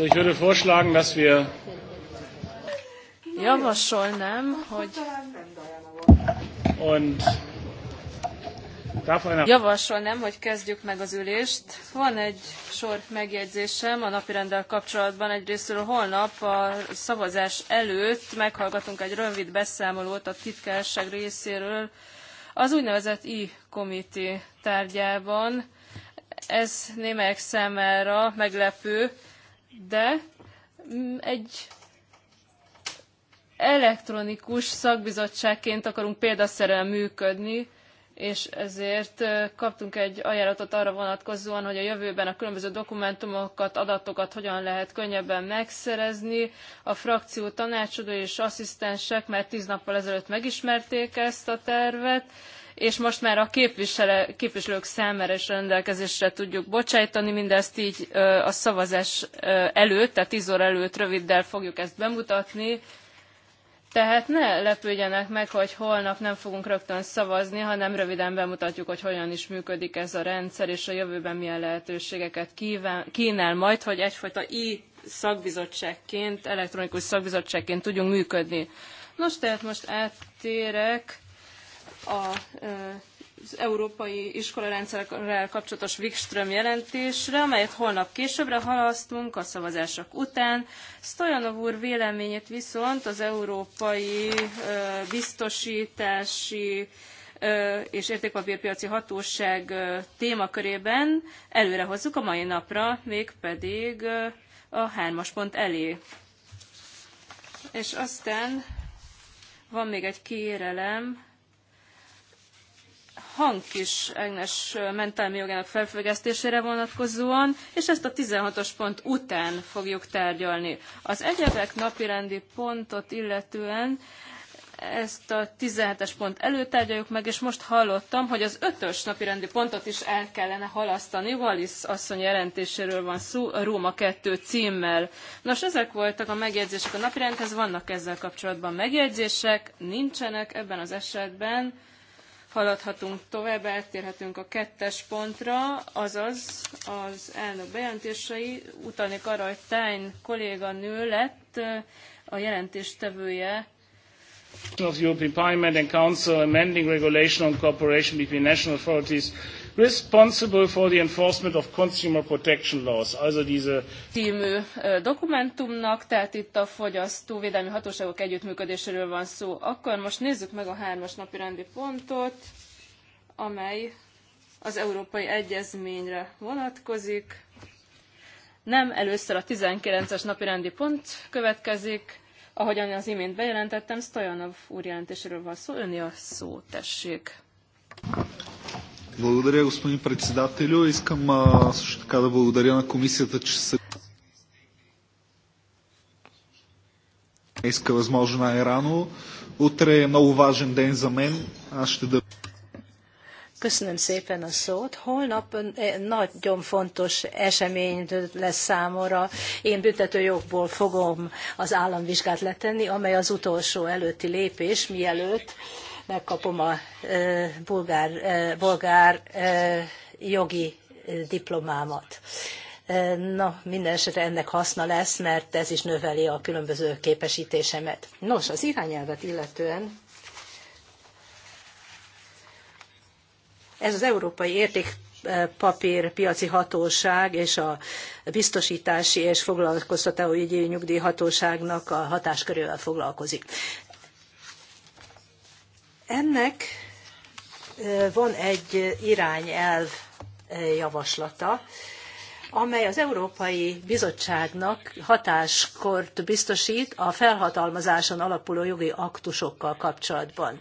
So, ich würde vorschlagen, dass wir Javasolnám, hogy und Javasolnám, hogy kezdjük meg az ülést. Van egy sor megjegyzésem a napirendel kapcsolatban. Egyrésztről holnap a szavazás előtt meghallgatunk egy rövid beszámolót a titkárság részéről az úgynevezett i-komité tárgyában. Ez némelyek számára meglepő, de mm, egy elektronikus szakbizottságként akarunk példaszerűen működni, és ezért kaptunk egy ajánlatot arra vonatkozóan, hogy a jövőben a különböző dokumentumokat, adatokat hogyan lehet könnyebben megszerezni. A frakció tanácsadói és asszisztensek már tíz nappal ezelőtt megismerték ezt a tervet, és most már a képviselők számára is rendelkezésre tudjuk bocsájtani, mindezt így a szavazás előtt, tehát 10 óra előtt röviddel fogjuk ezt bemutatni, tehát ne lepődjenek meg, hogy holnap nem fogunk rögtön szavazni, hanem röviden bemutatjuk, hogy hogyan is működik ez a rendszer, és a jövőben milyen lehetőségeket kínál majd, hogy egyfajta i szakbizottságként, elektronikus szakbizottságként tudjunk működni. Nos, tehát most áttérek a az európai iskolarendszerrel kapcsolatos Wikström jelentésre, amelyet holnap későbbre halasztunk a szavazások után. Stojanov úr véleményét viszont az európai biztosítási és értékpapírpiaci hatóság témakörében előre hozzuk a mai napra, mégpedig a hármas pont elé. És aztán van még egy kérelem, hangkis Ágnes mentelmi jogának felfüggesztésére vonatkozóan, és ezt a 16-os pont után fogjuk tárgyalni. Az egyebek napirendi pontot illetően ezt a 17-es pont előtárgyaljuk meg, és most hallottam, hogy az 5-ös napirendi pontot is el kellene halasztani. Valisz asszony jelentéséről van szó, a Róma 2 címmel. Nos, ezek voltak a megjegyzések a napirendhez, vannak ezzel kapcsolatban megjegyzések, nincsenek ebben az esetben haladhatunk tovább, eltérhetünk a kettes pontra, azaz az elnök bejelentései. Utalnék arra, hogy Tájn kolléganő lett eh, a jelentéstevője of the European Parliament and Council amending regulation on cooperation between national authorities responsible for the enforcement of consumer protection laws, also diese című dokumentumnak, tehát itt a fogyasztóvédelmi hatóságok együttműködéséről van szó. Akkor most nézzük meg a hármas napi rendi pontot, amely az Európai Egyezményre vonatkozik. Nem először a 19-es napi rendi pont következik, ahogyan az imént bejelentettem, Stojanov úr jelentéséről van szó, öni a szó, tessék. Благодаря, господин председателю. Искам а, също така да благодаря на комисията, че се иска възможно най-рано. Утре е много важен ден за мен. Аз ще да... Köszönöm szépen a szót. Holnap nagyon fontos esemény lesz számomra. Én büntetőjogból fogom az államvizsgát letenni, amely az utolsó előtti lépés, mielőtt megkapom a bulgár, bulgár jogi diplomámat. Na, minden esetre ennek haszna lesz, mert ez is növeli a különböző képesítésemet. Nos, az irányelvet illetően ez az Európai Érték papír piaci hatóság és a biztosítási és Ügyi nyugdíjhatóságnak a hatáskörével foglalkozik. Ennek van egy irányelv javaslata, amely az Európai Bizottságnak hatáskort biztosít a felhatalmazáson alapuló jogi aktusokkal kapcsolatban.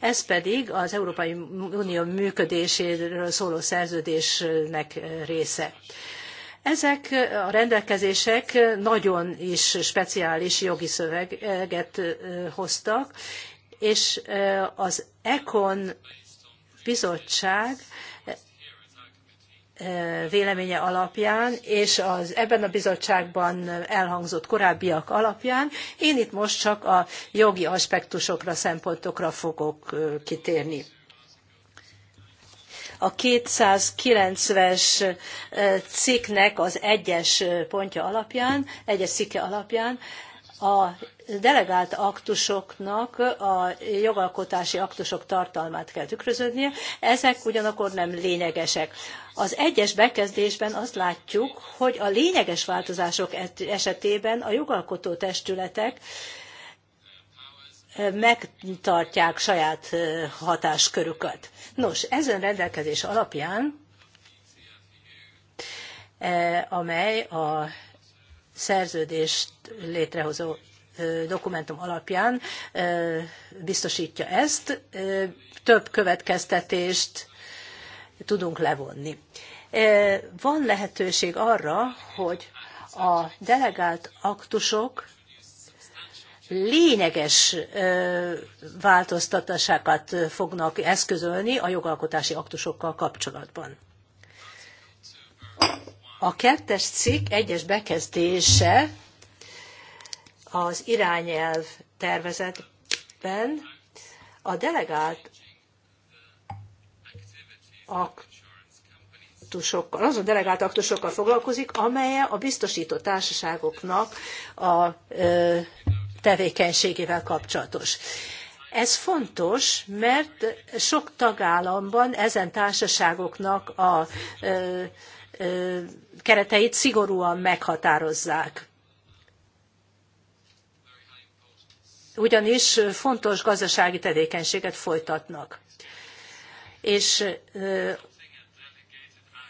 Ez pedig az Európai Unió működéséről szóló szerződésnek része. Ezek a rendelkezések nagyon is speciális jogi szöveget hoztak, és az ECON bizottság véleménye alapján, és az ebben a bizottságban elhangzott korábbiak alapján, én itt most csak a jogi aspektusokra, szempontokra fogok kitérni. A 290-es cikknek az egyes pontja alapján, egyes cikke alapján a delegált aktusoknak a jogalkotási aktusok tartalmát kell tükröződnie, ezek ugyanakkor nem lényegesek. Az egyes bekezdésben azt látjuk, hogy a lényeges változások esetében a jogalkotó testületek eh, megtartják saját eh, hatáskörüket. Nos, ezen rendelkezés alapján, eh, amely a szerződést létrehozó dokumentum alapján biztosítja ezt, több következtetést tudunk levonni. Van lehetőség arra, hogy a delegált aktusok lényeges változtatásokat fognak eszközölni a jogalkotási aktusokkal kapcsolatban. A kettes cikk egyes bekezdése az irányelv tervezetben a delegált aktusokkal, azon delegált aktusokkal foglalkozik, amely a biztosító társaságoknak a ö, tevékenységével kapcsolatos. Ez fontos, mert sok tagállamban ezen társaságoknak a ö, kereteit szigorúan meghatározzák. ugyanis fontos gazdasági tevékenységet folytatnak. És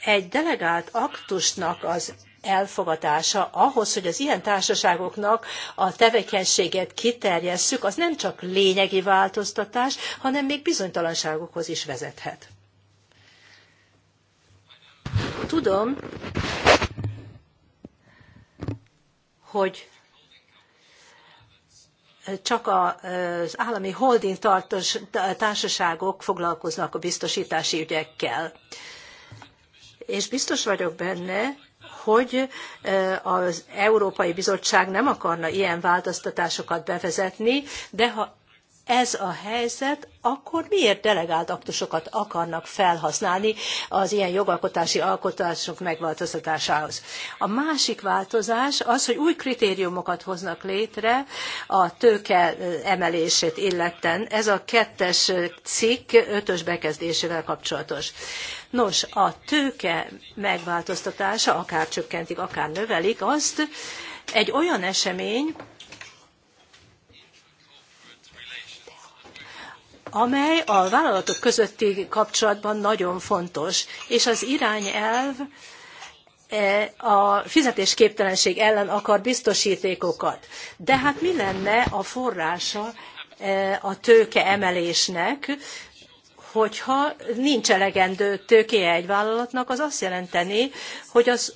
egy delegált aktusnak az elfogadása ahhoz, hogy az ilyen társaságoknak a tevékenységet kiterjesszük, az nem csak lényegi változtatás, hanem még bizonytalanságokhoz is vezethet. Tudom, hogy csak az állami holding tartos, társaságok foglalkoznak a biztosítási ügyekkel. És biztos vagyok benne, hogy az Európai Bizottság nem akarna ilyen változtatásokat bevezetni, de ha ez a helyzet, akkor miért delegált aktusokat akarnak felhasználni az ilyen jogalkotási alkotások megváltoztatásához? A másik változás az, hogy új kritériumokat hoznak létre a tőke emelését illetten. Ez a kettes cikk ötös bekezdésével kapcsolatos. Nos, a tőke megváltoztatása, akár csökkentik, akár növelik, azt egy olyan esemény, amely a vállalatok közötti kapcsolatban nagyon fontos, és az irányelv e, a fizetésképtelenség ellen akar biztosítékokat. De hát mi lenne a forrása e, a tőke emelésnek, hogyha nincs elegendő tőkéje egy vállalatnak, az azt jelenteni, hogy az,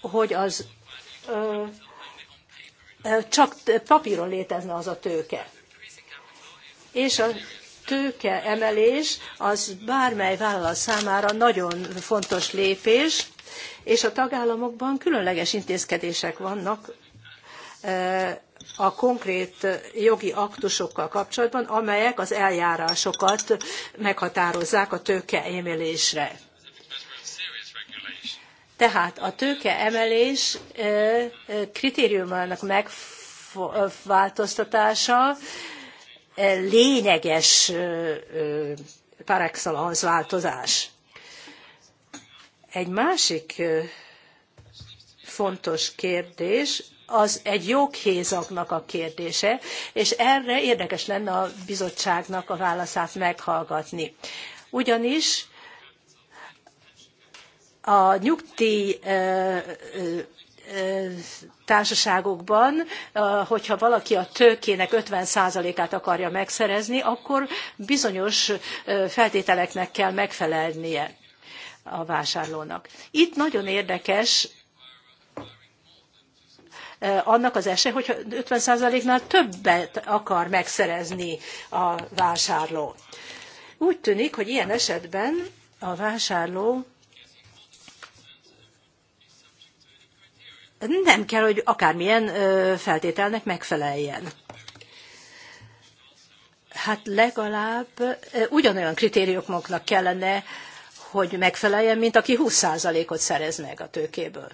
hogy az ö, csak papíron létezne az a tőke és a tőke emelés az bármely vállalat számára nagyon fontos lépés, és a tagállamokban különleges intézkedések vannak e, a konkrét jogi aktusokkal kapcsolatban, amelyek az eljárásokat meghatározzák a tőke emelésre. Tehát a tőke emelés e, e, kritériumának megváltoztatása lényeges par excellence változás. Egy másik fontos kérdés az egy joghézaknak a kérdése, és erre érdekes lenne a bizottságnak a válaszát meghallgatni. Ugyanis a nyugdíj társaságokban, hogyha valaki a tőkének 50%-át akarja megszerezni, akkor bizonyos feltételeknek kell megfelelnie a vásárlónak. Itt nagyon érdekes annak az esély, hogyha 50%-nál többet akar megszerezni a vásárló. Úgy tűnik, hogy ilyen esetben a vásárló nem kell, hogy akármilyen feltételnek megfeleljen. Hát legalább ugyanolyan kritériumoknak kellene, hogy megfeleljen, mint aki 20%-ot szerez meg a tőkéből.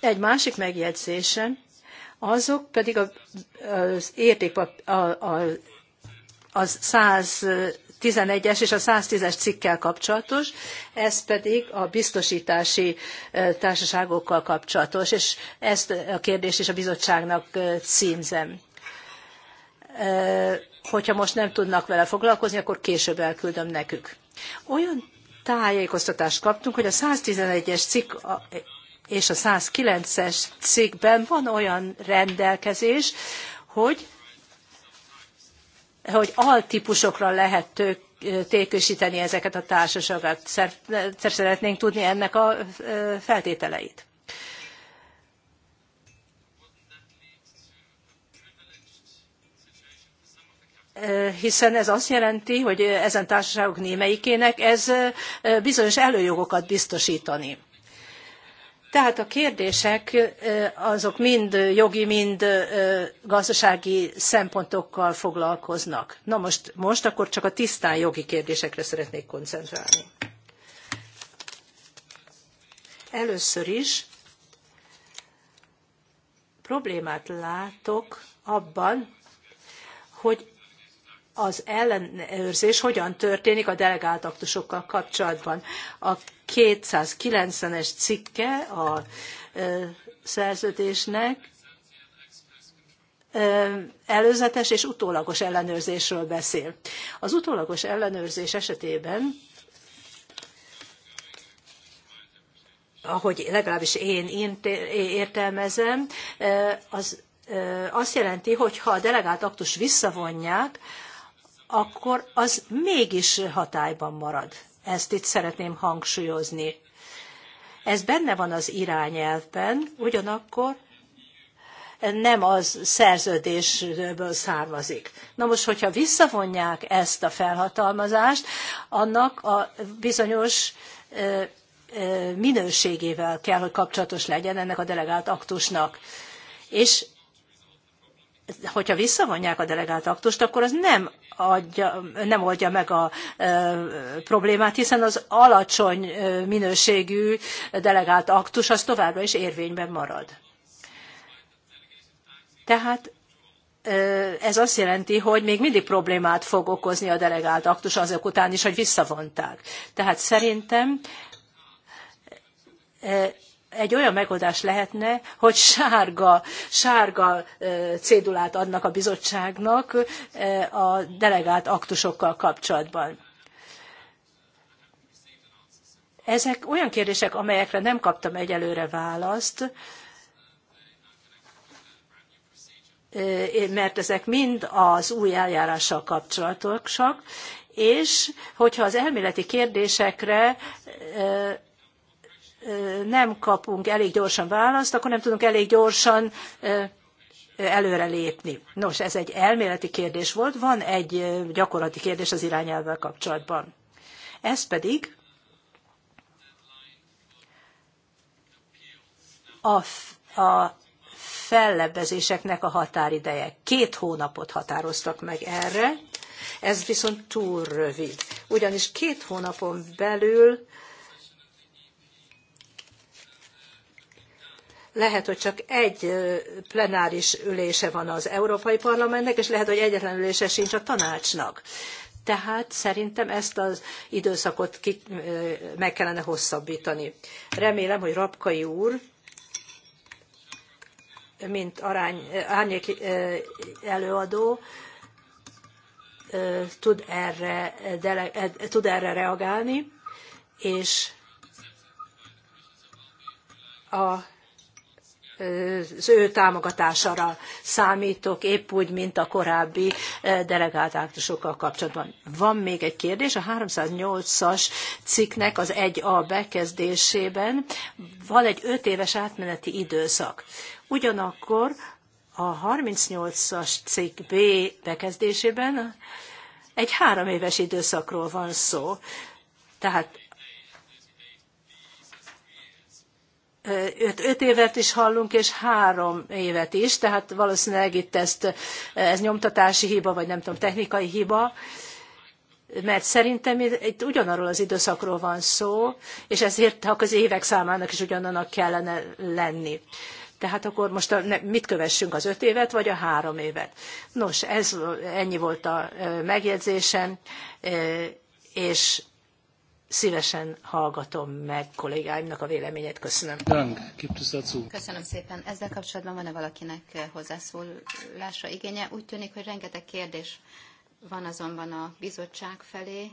Egy másik megjegyzésem, azok pedig az érték, az 100 11-es és a 110-es cikkel kapcsolatos, ez pedig a biztosítási társaságokkal kapcsolatos, és ezt a kérdést is a bizottságnak címzem. Hogyha most nem tudnak vele foglalkozni, akkor később elküldöm nekük. Olyan tájékoztatást kaptunk, hogy a 111-es cikk és a 109-es cikkben van olyan rendelkezés, hogy hogy altípusokra lehet tők, ezeket a társaságokat. Szeretnénk tudni ennek a feltételeit. hiszen ez azt jelenti, hogy ezen társaságok némelyikének ez bizonyos előjogokat biztosítani. Tehát a kérdések azok mind jogi, mind gazdasági szempontokkal foglalkoznak. Na most, most akkor csak a tisztán jogi kérdésekre szeretnék koncentrálni. Először is problémát látok abban, hogy az ellenőrzés hogyan történik a delegált aktusokkal kapcsolatban. A 290-es cikke a szerződésnek előzetes és utólagos ellenőrzésről beszél. Az utólagos ellenőrzés esetében, ahogy legalábbis én értelmezem, az azt jelenti, hogy ha a delegált aktus visszavonják, akkor az mégis hatályban marad. Ezt itt szeretném hangsúlyozni. Ez benne van az irányelvben, ugyanakkor nem az szerződésből származik. Na most, hogyha visszavonják ezt a felhatalmazást, annak a bizonyos minőségével kell, hogy kapcsolatos legyen ennek a delegált aktusnak. És hogyha visszavonják a delegált aktust, akkor az nem, adja, nem oldja meg a e, problémát, hiszen az alacsony minőségű delegált aktus az továbbra is érvényben marad. Tehát ez azt jelenti, hogy még mindig problémát fog okozni a delegált aktus azok után is, hogy visszavonták. Tehát szerintem egy olyan megoldás lehetne, hogy sárga, sárga cédulát adnak a bizottságnak a delegált aktusokkal kapcsolatban. Ezek olyan kérdések, amelyekre nem kaptam egyelőre választ, mert ezek mind az új eljárással kapcsolatosak, és hogyha az elméleti kérdésekre nem kapunk elég gyorsan választ, akkor nem tudunk elég gyorsan előrelépni. Nos, ez egy elméleti kérdés volt, van egy gyakorlati kérdés az irányelvvel kapcsolatban. Ez pedig a, a fellebbezéseknek a határideje. Két hónapot határoztak meg erre, ez viszont túl rövid. Ugyanis két hónapon belül lehet, hogy csak egy plenáris ülése van az Európai Parlamentnek, és lehet, hogy egyetlen ülése sincs a tanácsnak. Tehát szerintem ezt az időszakot ki, meg kellene hosszabbítani. Remélem, hogy Rapkai úr, mint arány, árnyék előadó, tud erre, dele, tud erre reagálni, és a az ő támogatására számítok, épp úgy, mint a korábbi eh, delegált aktusokkal kapcsolatban. Van még egy kérdés, a 308-as cikknek az 1A bekezdésében van egy 5 éves átmeneti időszak. Ugyanakkor a 38-as cikk B bekezdésében egy három éves időszakról van szó. Tehát öt, öt évet is hallunk, és három évet is, tehát valószínűleg itt ezt, ez nyomtatási hiba, vagy nem tudom, technikai hiba, mert szerintem itt ugyanarról az időszakról van szó, és ezért az évek számának is ugyanannak kellene lenni. Tehát akkor most mit kövessünk, az öt évet, vagy a három évet? Nos, ez ennyi volt a megjegyzésem, és szívesen hallgatom meg kollégáimnak a véleményét. Köszönöm. Köszönöm szépen. Ezzel kapcsolatban van-e valakinek eh, hozzászólásra igénye? Úgy tűnik, hogy rengeteg kérdés van azonban a bizottság felé.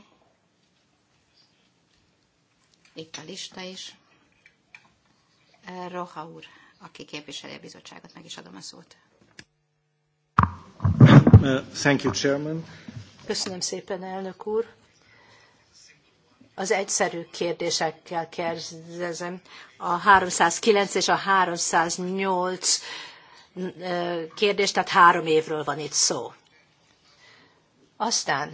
Itt a lista is. Eh, Roha úr, aki képviseli a bizottságot, meg is adom a szót. Uh, thank you, Chairman. Köszönöm szépen, elnök úr az egyszerű kérdésekkel kérdezem. A 309 és a 308 kérdés, tehát három évről van itt szó. Aztán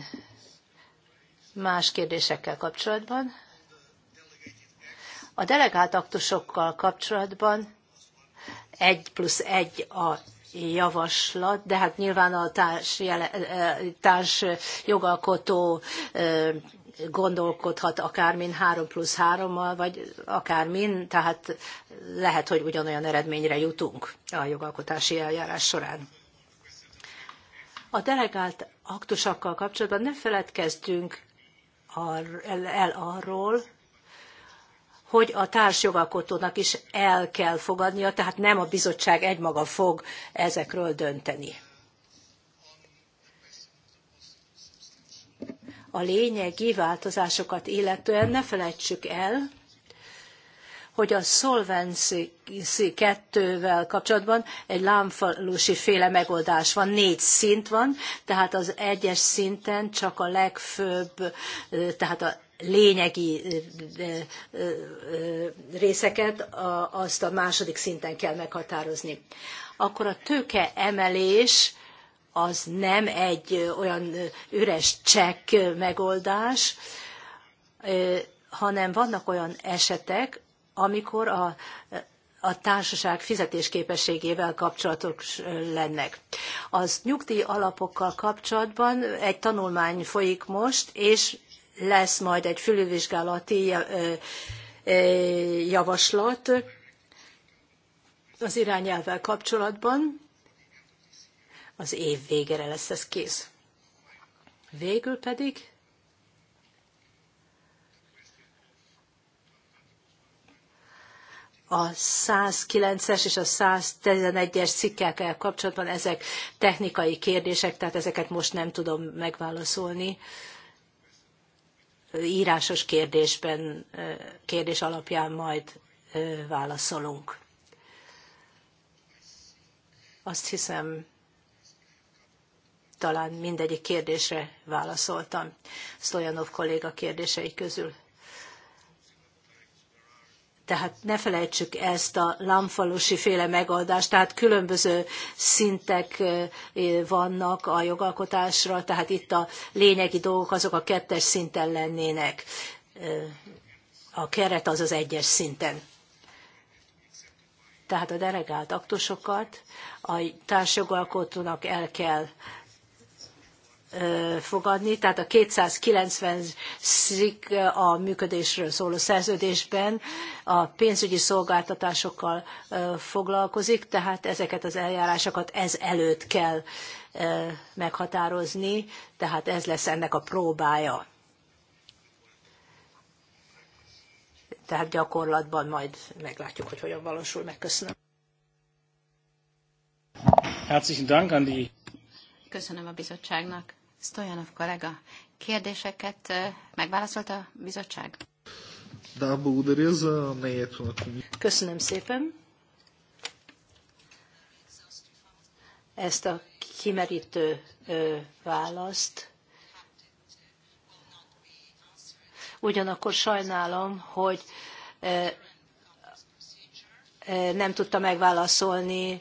más kérdésekkel kapcsolatban. A delegált aktusokkal kapcsolatban egy plusz egy a javaslat, de hát nyilván a társ, társ jogalkotó gondolkodhat akármin 3 plusz 3-mal, vagy akármin, tehát lehet, hogy ugyanolyan eredményre jutunk a jogalkotási eljárás során. A delegált aktusakkal kapcsolatban ne feledkezzünk el arról, hogy a társjogalkotónak is el kell fogadnia, tehát nem a bizottság egymaga fog ezekről dönteni. a lényegi változásokat illetően ne felejtsük el, hogy a Solvency 2-vel kapcsolatban egy lámfalusi féle megoldás van, négy szint van, tehát az egyes szinten csak a legfőbb, tehát a lényegi részeket azt a második szinten kell meghatározni. Akkor a tőke emelés az nem egy olyan üres csekk megoldás, hanem vannak olyan esetek, amikor a, a társaság fizetésképességével kapcsolatos lennek. Az nyugdíj alapokkal kapcsolatban egy tanulmány folyik most, és lesz majd egy fülülvizsgálati javaslat az irányelvvel kapcsolatban, az év végére lesz ez kész. Végül pedig a 109-es és a 111-es cikkekkel kapcsolatban ezek technikai kérdések, tehát ezeket most nem tudom megválaszolni. Írásos kérdésben, kérdés alapján majd válaszolunk. Azt hiszem, talán mindegyik kérdésre válaszoltam Stojanov kolléga kérdései közül. Tehát ne felejtsük ezt a lámfalusi féle megoldást, tehát különböző szintek vannak a jogalkotásra, tehát itt a lényegi dolgok azok a kettes szinten lennének. A keret az az egyes szinten. Tehát a delegált aktusokat a társjogalkotónak el kell fogadni, tehát a 290 szik a működésről szóló szerződésben a pénzügyi szolgáltatásokkal foglalkozik, tehát ezeket az eljárásokat ez előtt kell meghatározni, tehát ez lesz ennek a próbája. Tehát gyakorlatban majd meglátjuk, hogy hogyan valósul meg. Herzlichen Dank an die Köszönöm a bizottságnak Stojanov kollega, kérdéseket megválaszolta a bizottság? Köszönöm szépen. Ezt a kimerítő választ. Ugyanakkor sajnálom, hogy nem tudta megválaszolni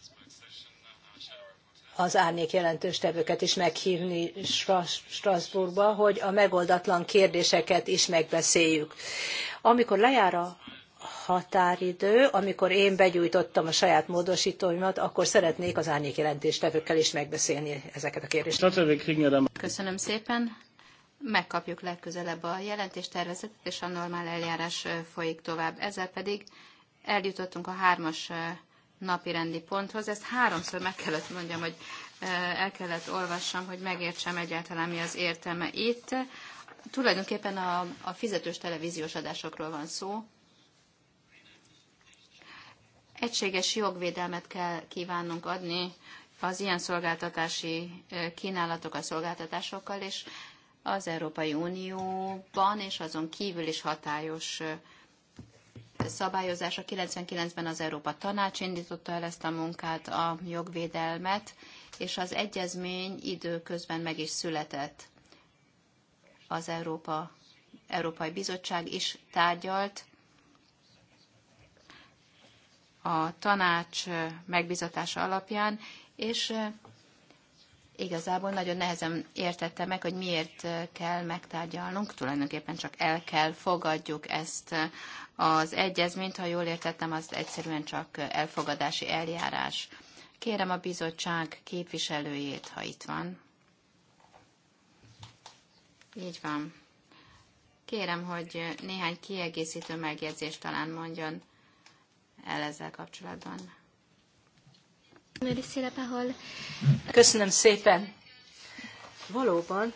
az árnyék jelentős tevőket is meghívni Strasbourgba, hogy a megoldatlan kérdéseket is megbeszéljük. Amikor lejár a határidő, amikor én begyújtottam a saját módosítóimat, akkor szeretnék az árnyék jelentéstevőkkel is megbeszélni ezeket a kérdéseket. Köszönöm szépen. Megkapjuk legközelebb a jelentéstervezetet, és a normál eljárás folyik tovább. Ezzel pedig eljutottunk a hármas napirendi ponthoz. Ezt háromszor meg kellett mondjam, hogy el kellett olvassam, hogy megértsem egyáltalán mi az értelme itt. Tulajdonképpen a, a fizetős televíziós adásokról van szó. Egységes jogvédelmet kell kívánnunk adni az ilyen szolgáltatási kínálatok a szolgáltatásokkal, és az Európai Unióban és azon kívül is hatályos szabályozása. 99-ben az Európa Tanács indította el ezt a munkát, a jogvédelmet, és az egyezmény időközben meg is született. Az Európa, Európai Bizottság is tárgyalt, a tanács megbizatása alapján, és igazából nagyon nehezen értette meg, hogy miért kell megtárgyalnunk. Tulajdonképpen csak el kell fogadjuk ezt az egyezményt, ha jól értettem, az egyszerűen csak elfogadási eljárás. Kérem a bizottság képviselőjét, ha itt van. Így van. Kérem, hogy néhány kiegészítő megjegyzést talán mondjon el ezzel kapcsolatban. Köszönöm szépen. Valóban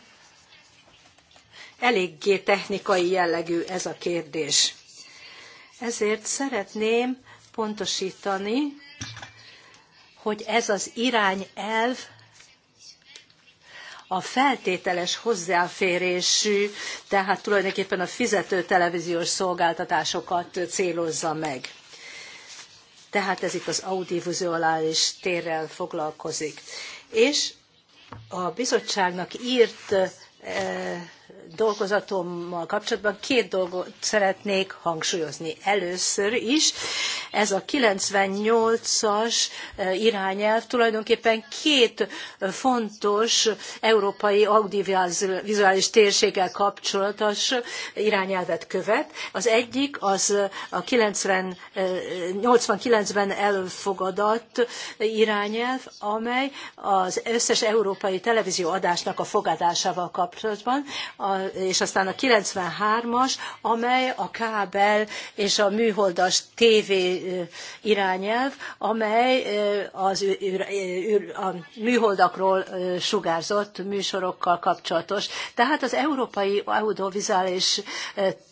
eléggé technikai jellegű ez a kérdés. Ezért szeretném pontosítani, hogy ez az irányelv a feltételes hozzáférésű, tehát tulajdonképpen a fizető televíziós szolgáltatásokat célozza meg tehát ez itt az audiovizuális térrel foglalkozik. És a bizottságnak írt eh, dolgozatommal kapcsolatban két dolgot szeretnék hangsúlyozni. Először is ez a 98-as eh, irányelv tulajdonképpen két fontos európai audiovizuális térséggel kapcsolatos irányelvet követ. Az egyik az a 89-ben eh, elfogadott irányelv, amely az összes európai televízió adásnak a fogadásával kapcsolatban, a, és aztán a 93-as, amely a kábel és a műholdas TV irányelv, amely az a műholdakról sugárzott műsorokkal kapcsolatos. Tehát az európai audiovizuális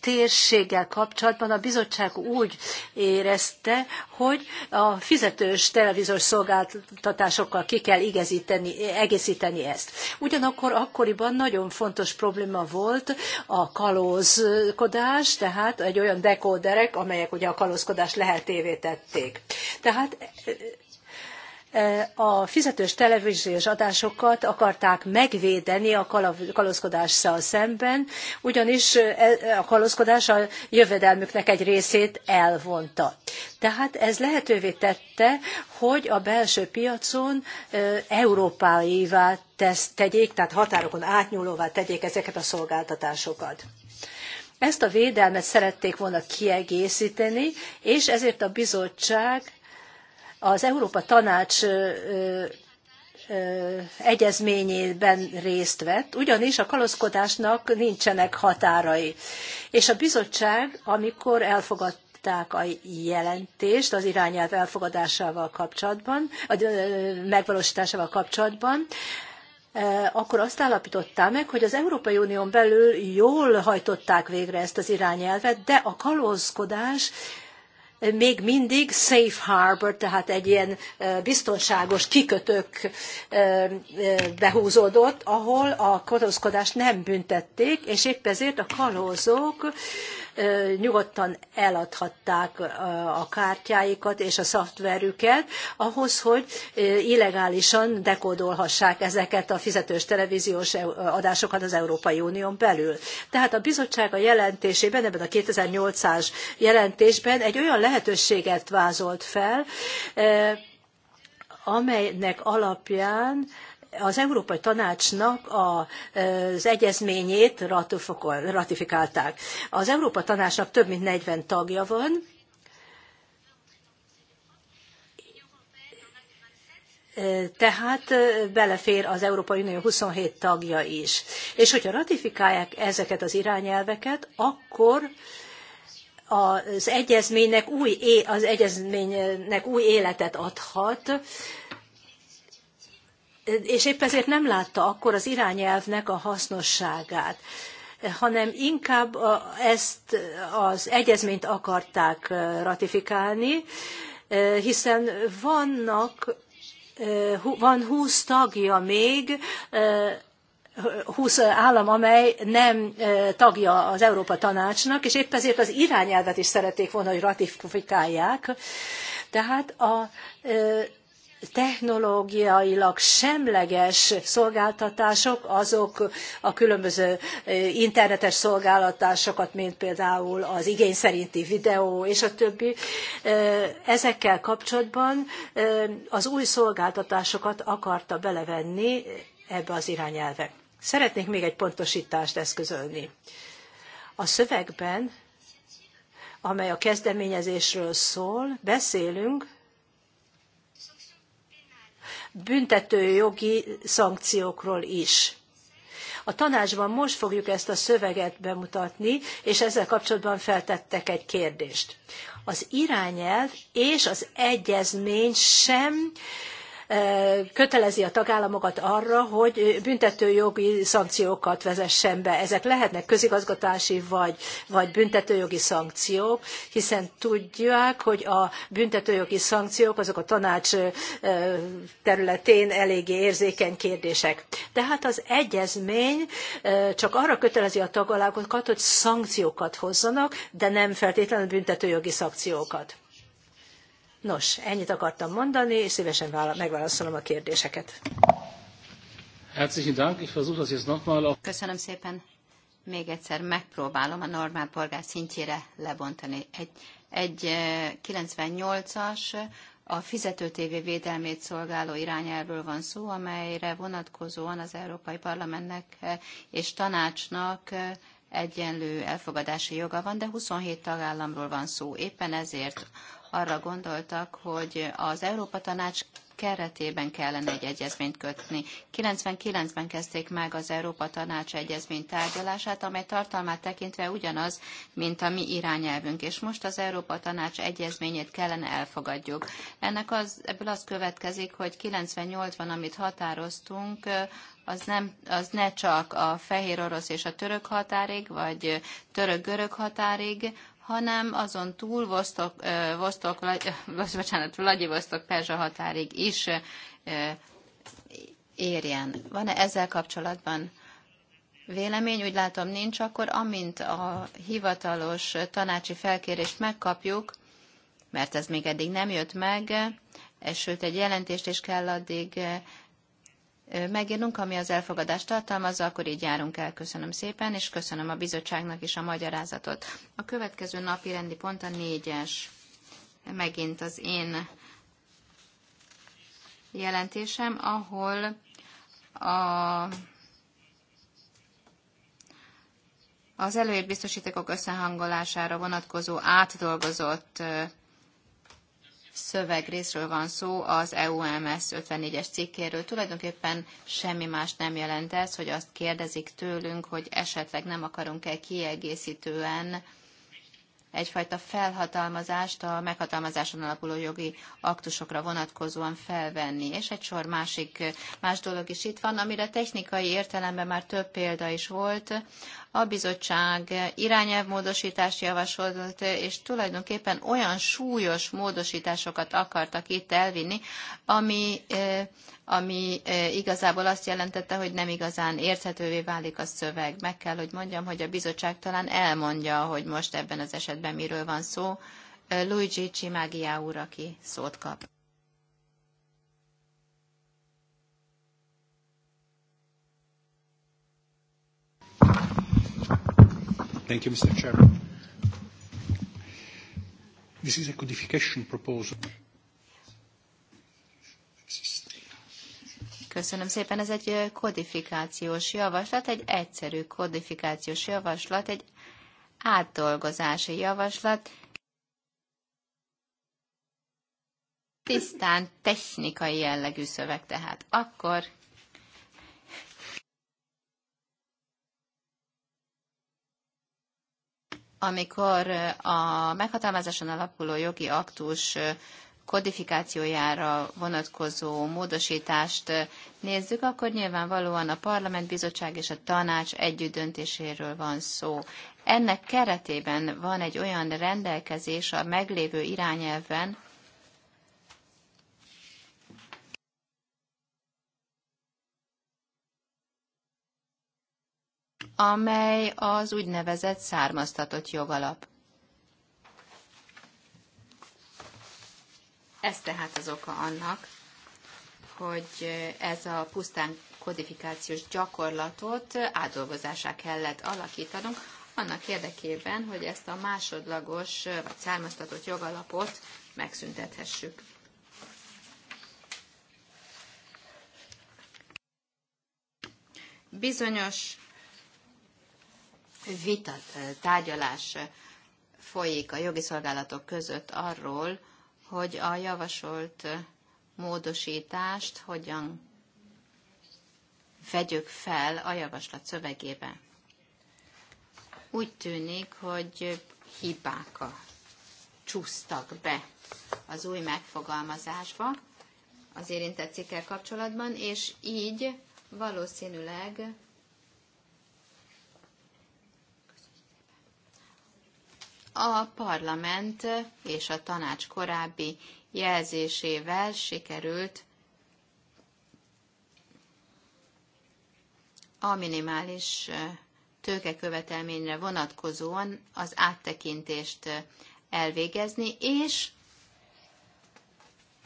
térséggel kapcsolatban a bizottság úgy érezte, hogy a fizetős televíziós szolgáltatásokkal ki kell igazítani, egészíteni ezt. Ugyanakkor akkoriban nagyon fontos probléma téma volt a kalózkodás, tehát egy olyan dekóderek, amelyek ugye a kalózkodást lehetővé tették. Tehát e, e, a fizetős televíziós adásokat akarták megvédeni a kalózkodással szemben, ugyanis e, a kalózkodás a jövedelmüknek egy részét elvonta. Tehát ez lehetővé tette, hogy a belső piacon európáivá tesz, tegyék, tehát határokon átnyúlóvá tegyék ezeket a szolgáltatásokat. Ezt a védelmet szerették volna kiegészíteni, és ezért a bizottság az Európa Tanács egyezményében részt vett, ugyanis a kalózkodásnak nincsenek határai. És a bizottság, amikor elfogadta megkapták a jelentést az irányelv elfogadásával kapcsolatban, a megvalósításával kapcsolatban, akkor azt állapították meg, hogy az Európai Unión belül jól hajtották végre ezt az irányelvet, de a kalózkodás még mindig safe harbor, tehát egy ilyen biztonságos kikötők behúzódott, ahol a kalózkodást nem büntették, és épp ezért a kalózók nyugodtan eladhatták a kártyáikat és a szoftverüket ahhoz, hogy illegálisan dekódolhassák ezeket a fizetős televíziós adásokat az Európai Unión belül. Tehát a bizottság a jelentésében, ebben a 2800 jelentésben egy olyan lehetőséget vázolt fel, amelynek alapján az Európai Tanácsnak az egyezményét ratifikálták. Az Európa Tanácsnak több mint 40 tagja van, tehát belefér az Európai Unió 27 tagja is. És hogyha ratifikálják ezeket az irányelveket, akkor az egyezménynek új, az egyezménynek új életet adhat, és épp ezért nem látta akkor az irányelvnek a hasznosságát hanem inkább ezt az egyezményt akarták ratifikálni, hiszen vannak, van 20 tagja még, 20 állam, amely nem tagja az Európa Tanácsnak, és épp ezért az irányelvet is szerették volna, hogy ratifikálják. Tehát a technológiailag semleges szolgáltatások, azok a különböző internetes szolgáltatásokat, mint például az igény szerinti videó és a többi, ezekkel kapcsolatban az új szolgáltatásokat akarta belevenni ebbe az irányelve. Szeretnék még egy pontosítást eszközölni. A szövegben, amely a kezdeményezésről szól, beszélünk büntetőjogi szankciókról is. A tanácsban most fogjuk ezt a szöveget bemutatni, és ezzel kapcsolatban feltettek egy kérdést. Az irányelv és az egyezmény sem kötelezi a tagállamokat arra, hogy büntetőjogi szankciókat vezessen be. Ezek lehetnek közigazgatási vagy, vagy büntetőjogi szankciók, hiszen tudják, hogy a büntetőjogi szankciók azok a tanács területén eléggé érzékeny kérdések. Tehát az egyezmény csak arra kötelezi a tagállamokat, hogy szankciókat hozzanak, de nem feltétlenül büntetőjogi szankciókat. Nos, ennyit akartam mondani, és szívesen megválaszolom a kérdéseket. Herzlichen Dank, ich versuche das jetzt nochmal Köszönöm szépen. Még egyszer megpróbálom a normál polgár szintjére lebontani. Egy, egy 98-as eh, a fizetőtévé védelmét szolgáló irányelvről van szó, amelyre vonatkozóan az Európai Parlamentnek eh, és tanácsnak eh, egyenlő elfogadási joga van, de 27 tagállamról van szó. Éppen ezért arra gondoltak, hogy az Európa Tanács keretében kellene egy egyezményt kötni. 99-ben kezdték meg az Európa Tanács egyezmény tárgyalását, amely tartalmát tekintve ugyanaz, mint a mi irányelvünk, és most az Európa Tanács egyezményét kellene elfogadjuk. Ennek az, ebből az következik, hogy 98-ban, amit határoztunk, az, nem, az ne csak a fehér orosz és a török határig, vagy török-görög határig, hanem azon túl Vostok, Vostok, bocsánat, Vladivostok Perzsa határig is érjen. Van-e ezzel kapcsolatban vélemény? Úgy látom nincs, akkor amint a hivatalos tanácsi felkérést megkapjuk, mert ez még eddig nem jött meg, e, sőt egy jelentést is kell addig e, megírnunk, ami az elfogadást tartalmazza, akkor így járunk el. Köszönöm szépen, és köszönöm a bizottságnak is a magyarázatot. A következő napi rendi pont a négyes. Megint az én jelentésem, ahol a az előírt biztosítékok összehangolására vonatkozó átdolgozott szövegrészről van szó, az EUMS 54-es cikkéről. Tulajdonképpen semmi más nem jelent ez, hogy azt kérdezik tőlünk, hogy esetleg nem akarunk-e kiegészítően egyfajta felhatalmazást a meghatalmazáson alapuló jogi aktusokra vonatkozóan felvenni. És egy sor másik, más dolog is itt van, amire technikai értelemben már több példa is volt, a bizottság irányelvmódosítást javasolt, és tulajdonképpen olyan súlyos módosításokat akartak itt elvinni, ami, eh, ami eh, igazából azt jelentette, hogy nem igazán érthetővé válik a szöveg. Meg kell, hogy mondjam, hogy a bizottság talán elmondja, hogy most ebben az esetben miről van szó. Eh, Luigi Csimágiá úr, aki szót kap. Thank you, Mr. Chairman. This is a codification proposal. Köszönöm szépen, ez egy kodifikációs javaslat, egy egyszerű kodifikációs javaslat, egy átdolgozási javaslat, tisztán technikai jellegű szöveg tehát. Akkor amikor a meghatalmazáson alapuló jogi aktus kodifikációjára vonatkozó módosítást nézzük, akkor nyilvánvalóan a parlament, bizottság és a tanács együtt döntéséről van szó. Ennek keretében van egy olyan rendelkezés a meglévő irányelven, amely az úgynevezett származtatott jogalap. Ez tehát az oka annak, hogy ez a pusztán kodifikációs gyakorlatot átdolgozásá kellett alakítanunk, annak érdekében, hogy ezt a másodlagos vagy származtatott jogalapot megszüntethessük. Bizonyos vita, tárgyalás folyik a jogi szolgálatok között arról, hogy a javasolt módosítást hogyan vegyük fel a javaslat szövegébe. Úgy tűnik, hogy hibák csúsztak be az új megfogalmazásba az érintett cikkel kapcsolatban, és így valószínűleg a parlament és a tanács korábbi jelzésével sikerült a minimális tőkekövetelményre vonatkozóan az áttekintést elvégezni, és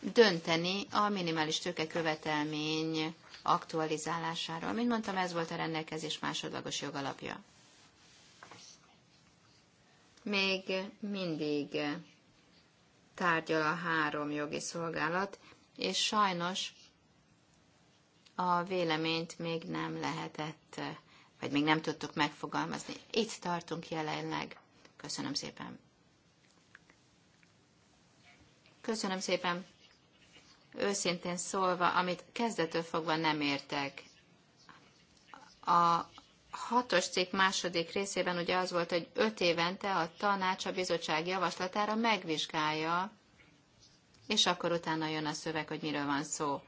dönteni a minimális tőkekövetelmény aktualizálásáról. Mint mondtam, ez volt a rendelkezés másodlagos jogalapja még mindig tárgyal a három jogi szolgálat, és sajnos a véleményt még nem lehetett, vagy még nem tudtuk megfogalmazni. Itt tartunk jelenleg. Köszönöm szépen. Köszönöm szépen. Őszintén szólva, amit kezdetől fogva nem értek, a hatos cikk második részében ugye az volt, hogy öt évente a tanács a bizottság javaslatára megvizsgálja, és akkor utána jön a szöveg, hogy miről van szó.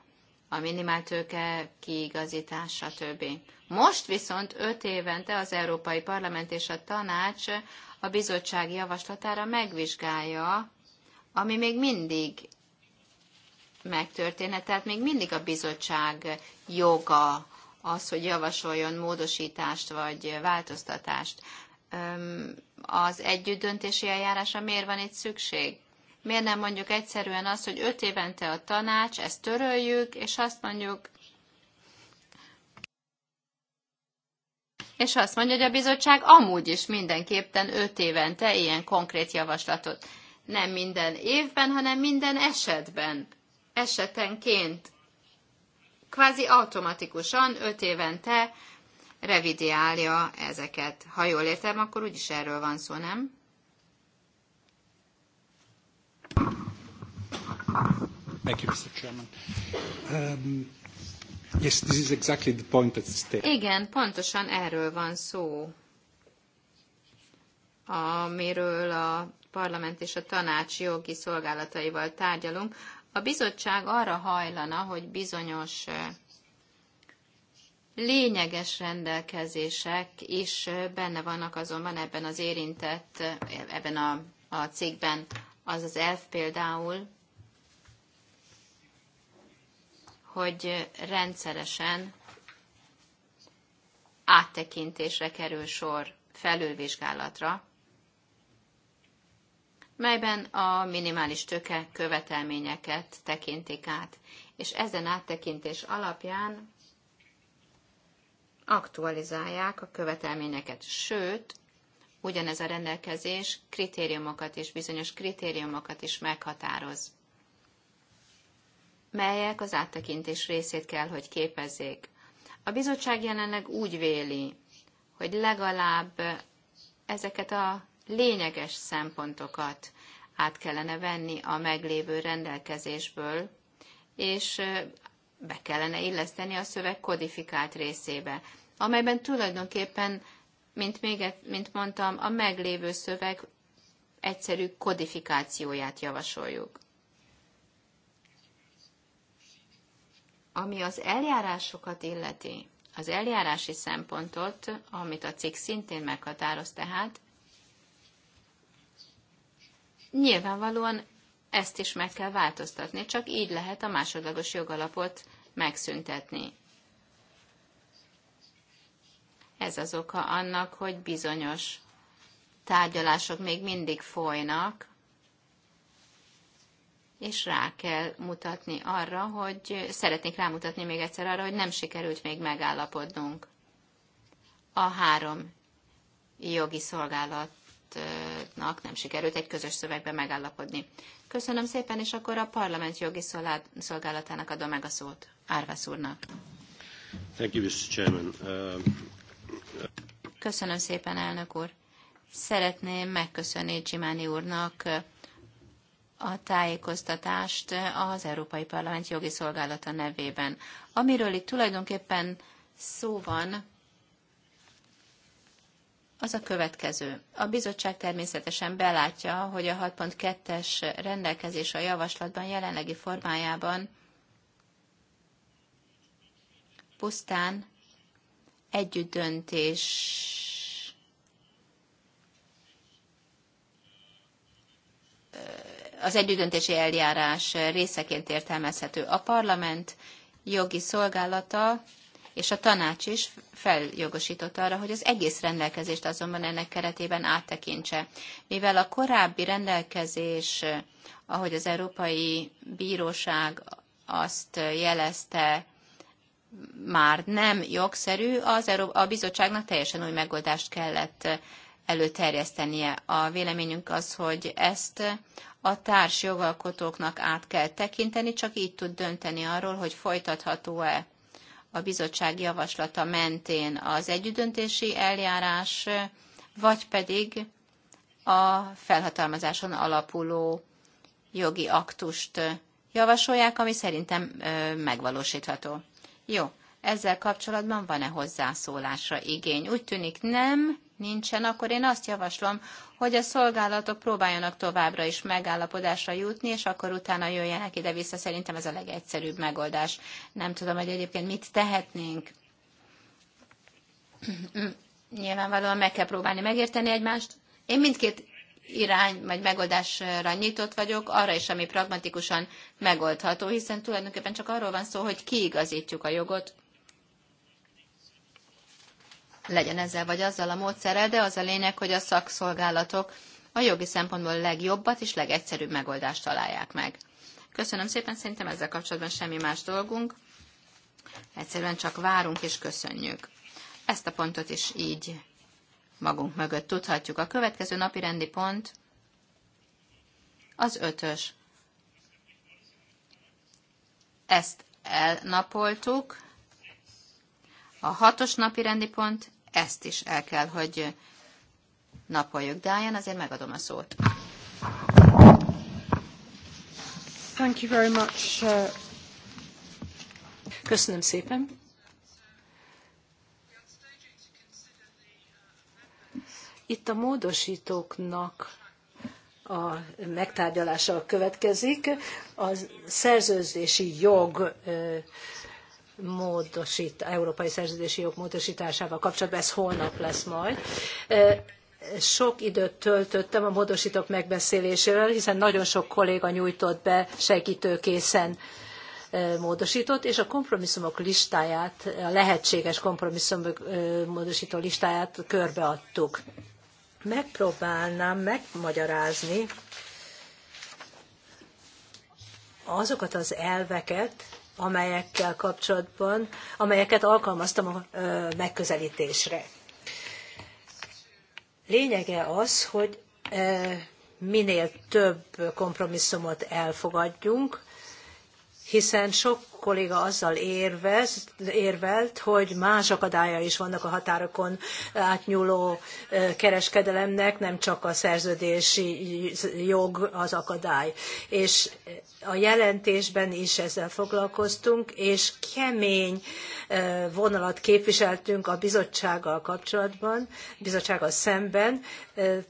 A minimáltőke kiigazítása többi. Most viszont öt évente az Európai Parlament és a tanács a bizottság javaslatára megvizsgálja, ami még mindig megtörténhet, tehát még mindig a bizottság joga az, hogy javasoljon módosítást vagy változtatást. Az együtt döntési eljárása miért van itt szükség? Miért nem mondjuk egyszerűen azt, hogy öt évente a tanács, ezt töröljük, és azt mondjuk, és azt mondja, hogy a bizottság amúgy is mindenképpen öt évente ilyen konkrét javaslatot. Nem minden évben, hanem minden esetben, esetenként kvázi automatikusan öt évente revidiálja ezeket. Ha jól értem, akkor úgyis erről van szó, nem? Thank you, Mr. Chairman. Um, yes, this is exactly the point at stake. Igen, pontosan erről van szó, amiről a parlament és a tanács jogi szolgálataival tárgyalunk, a bizottság arra hajlana, hogy bizonyos lényeges rendelkezések is benne vannak azonban ebben az érintett, ebben a, a cikkben, az az elf például, hogy rendszeresen áttekintésre kerül sor felülvizsgálatra, melyben a minimális tőke követelményeket tekintik át, és ezen áttekintés alapján aktualizálják a követelményeket, sőt, ugyanez a rendelkezés kritériumokat és bizonyos kritériumokat is meghatároz, melyek az áttekintés részét kell, hogy képezzék. A bizottság jelenleg úgy véli, hogy legalább ezeket a lényeges szempontokat át kellene venni a meglévő rendelkezésből, és be kellene illeszteni a szöveg kodifikált részébe, amelyben tulajdonképpen, mint, még, e- mint mondtam, a meglévő szöveg egyszerű kodifikációját javasoljuk. Ami az eljárásokat illeti, az eljárási szempontot, amit a cikk szintén meghatároz tehát, Nyilvánvalóan ezt is meg kell változtatni, csak így lehet a másodlagos jogalapot megszüntetni. Ez az oka annak, hogy bizonyos tárgyalások még mindig folynak, és rá kell mutatni arra, hogy szeretnék rámutatni még egyszer arra, hogy nem sikerült még megállapodnunk. A három jogi szolgálat pártnak nem sikerült egy közös szövegbe megállapodni. Köszönöm szépen, és akkor a parlament jogi szolgálatának adom meg a szót. Árvász úrnak. Thank you, Mr. Chairman. Uh, uh... Köszönöm szépen, elnök úr. Szeretném megköszönni Csimáni úrnak a tájékoztatást az Európai Parlament jogi szolgálata nevében. Amiről itt tulajdonképpen szó van, az a következő. A bizottság természetesen belátja, hogy a 6.2-es rendelkezés a javaslatban jelenlegi formájában pusztán együttdöntés az együttdöntési eljárás részeként értelmezhető. A parlament jogi szolgálata és a tanács is feljogosított arra, hogy az egész rendelkezést azonban ennek keretében áttekintse. Mivel a korábbi rendelkezés, ahogy az Európai Bíróság azt jelezte, már nem jogszerű, az Euró- a bizottságnak teljesen új megoldást kellett előterjesztenie. A véleményünk az, hogy ezt a társ jogalkotóknak át kell tekinteni, csak így tud dönteni arról, hogy folytatható-e a bizottság javaslata mentén az együttdöntési eljárás, vagy pedig a felhatalmazáson alapuló jogi aktust javasolják, ami szerintem megvalósítható. Jó, ezzel kapcsolatban van-e hozzászólásra igény? Úgy tűnik nem, nincsen, akkor én azt javaslom, hogy a szolgálatok próbáljanak továbbra is megállapodásra jutni, és akkor utána jöjjenek ide-vissza. Szerintem ez a legegyszerűbb megoldás. Nem tudom, hogy egyébként mit tehetnénk. Nyilvánvalóan meg kell próbálni megérteni egymást. Én mindkét irány vagy megoldásra nyitott vagyok, arra is, ami pragmatikusan megoldható, hiszen tulajdonképpen csak arról van szó, hogy kiigazítjuk a jogot legyen ezzel vagy azzal a módszerrel, de az a lényeg, hogy a szakszolgálatok a jogi szempontból legjobbat és legegyszerűbb megoldást találják meg. Köszönöm szépen, szerintem ezzel kapcsolatban semmi más dolgunk. Egyszerűen csak várunk és köszönjük. Ezt a pontot is így magunk mögött tudhatjuk. A következő napi rendi pont az ötös. Ezt elnapoltuk. A hatos napi rendi pont ezt is el kell, hogy napoljuk. Diane, azért megadom a szót. Thank you very much. Uh, Köszönöm szépen. Itt a módosítóknak a megtárgyalása következik. A szerződési jog módosít, európai szerződési jog módosításával kapcsolatban, ez holnap lesz majd. Sok időt töltöttem a módosítók megbeszélésével, hiszen nagyon sok kolléga nyújtott be segítőkészen módosított, és a kompromisszumok listáját, a lehetséges kompromisszumok módosító listáját körbeadtuk. Megpróbálnám megmagyarázni azokat az elveket, amelyekkel kapcsolatban, amelyeket alkalmaztam a megközelítésre. Lényege az, hogy minél több kompromisszumot elfogadjunk, hiszen sok kolléga azzal érvez, érvelt, hogy más akadálya is vannak a határokon átnyúló kereskedelemnek, nem csak a szerződési jog az akadály. És a jelentésben is ezzel foglalkoztunk, és kemény vonalat képviseltünk a bizottsággal kapcsolatban, bizottsággal szemben,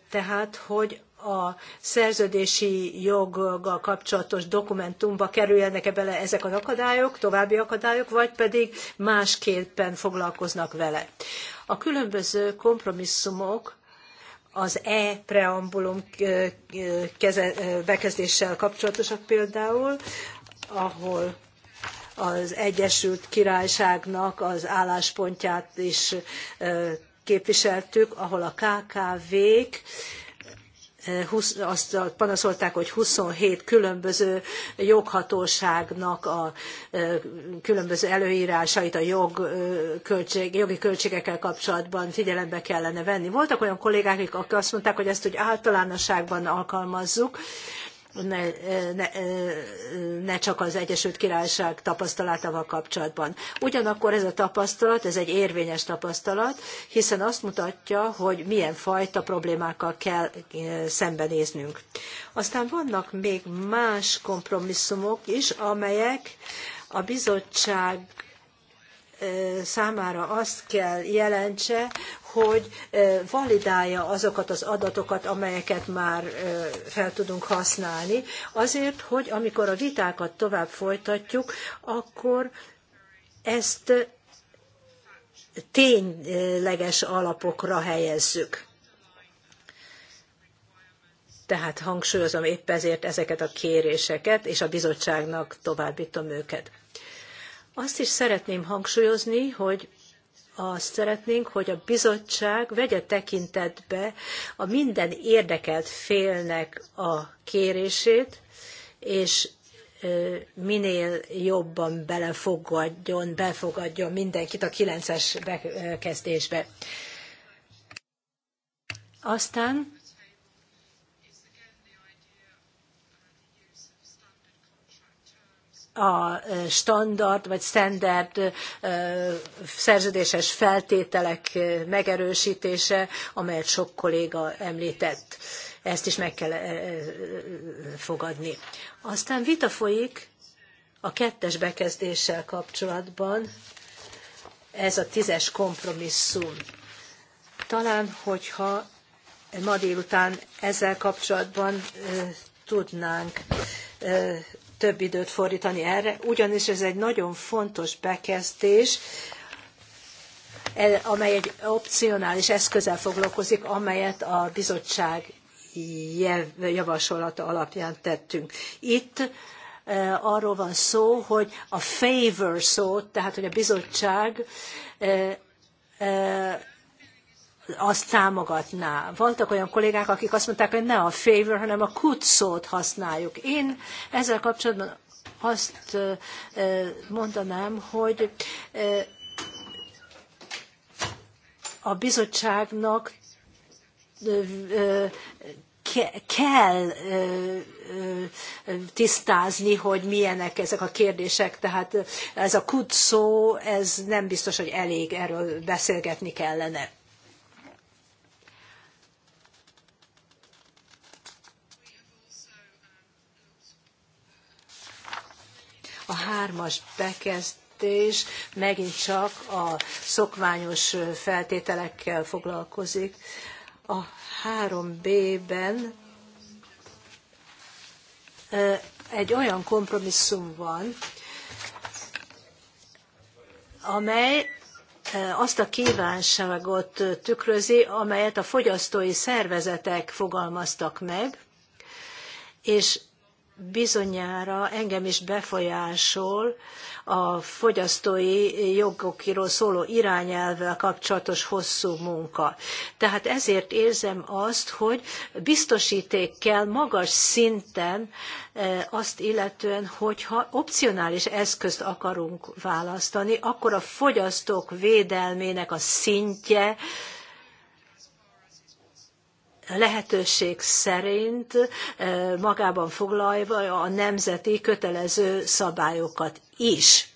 tehát hogy a szerződési joggal kapcsolatos dokumentumba kerüljenek-e bele ezek az akadályok, további akadályok, vagy pedig másképpen foglalkoznak vele. A különböző kompromisszumok az e-preambulum bekezdéssel kapcsolatosak például, ahol az Egyesült Királyságnak az álláspontját is képviseltük, ahol a KKV-k azt panaszolták, hogy 27 különböző joghatóságnak a különböző előírásait a jog, költség, jogi költségekkel kapcsolatban figyelembe kellene venni. Voltak olyan kollégák, akik azt mondták, hogy ezt úgy általánosságban alkalmazzuk, ne, ne, ne csak az Egyesült Királyság tapasztalatával kapcsolatban. Ugyanakkor ez a tapasztalat, ez egy érvényes tapasztalat, hiszen azt mutatja, hogy milyen fajta problémákkal kell szembenéznünk. Aztán vannak még más kompromisszumok is, amelyek a bizottság számára azt kell jelentse, hogy eh, validálja azokat az adatokat, amelyeket már eh, fel tudunk használni, azért, hogy amikor a vitákat tovább folytatjuk, akkor ezt eh, tényleges alapokra helyezzük. Tehát hangsúlyozom épp ezért ezeket a kéréseket, és a bizottságnak továbbítom őket. Azt is szeretném hangsúlyozni, hogy azt szeretnénk, hogy a bizottság vegye tekintetbe a minden érdekelt félnek a kérését, és minél jobban belefogadjon, befogadjon mindenkit a kilences bekezdésbe. Aztán a standard vagy standard szerződéses feltételek megerősítése, amelyet sok kolléga említett. Ezt is meg kell fogadni. Aztán vita folyik a kettes bekezdéssel kapcsolatban, ez a tízes kompromisszum. Talán, hogyha ma délután ezzel kapcsolatban tudnánk több időt fordítani erre, ugyanis ez egy nagyon fontos bekezdés, e, amely egy opcionális eszközzel foglalkozik, amelyet a bizottság javasolata alapján tettünk. Itt e, arról van szó, hogy a favor szót, tehát hogy a bizottság e, azt támogatná. Voltak olyan kollégák, akik azt mondták, hogy ne a favor, hanem a could szót használjuk. Én ezzel kapcsolatban azt mondanám, hogy a bizottságnak kell tisztázni, hogy milyenek ezek a kérdések. Tehát ez a kutszó szó, ez nem biztos, hogy elég, erről beszélgetni kellene. hármas bekezdés megint csak a szokványos feltételekkel foglalkozik. A 3B-ben egy olyan kompromisszum van, amely azt a kívánságot tükrözi, amelyet a fogyasztói szervezetek fogalmaztak meg, és bizonyára engem is befolyásol a fogyasztói jogokról szóló irányelvvel kapcsolatos hosszú munka. Tehát ezért érzem azt, hogy biztosíték kell magas szinten e, azt illetően, hogyha opcionális eszközt akarunk választani, akkor a fogyasztók védelmének a szintje, lehetőség szerint magában foglalva a nemzeti kötelező szabályokat is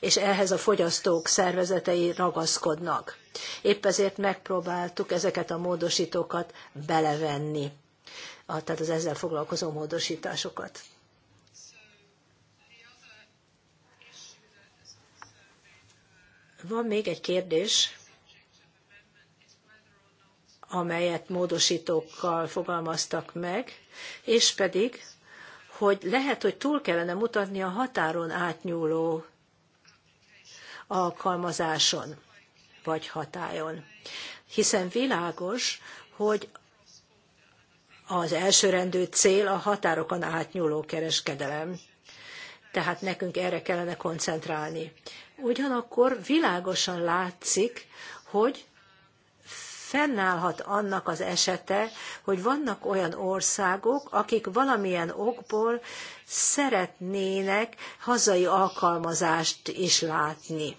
és ehhez a fogyasztók szervezetei ragaszkodnak. Épp ezért megpróbáltuk ezeket a módosítókat belevenni, tehát az ezzel foglalkozó módosításokat. Van még egy kérdés, amelyet módosítókkal fogalmaztak meg, és pedig, hogy lehet, hogy túl kellene mutatni a határon átnyúló alkalmazáson vagy hatályon. Hiszen világos, hogy az elsőrendű cél a határokon átnyúló kereskedelem. Tehát nekünk erre kellene koncentrálni. Ugyanakkor világosan látszik, hogy fennállhat annak az esete, hogy vannak olyan országok, akik valamilyen okból szeretnének hazai alkalmazást is látni.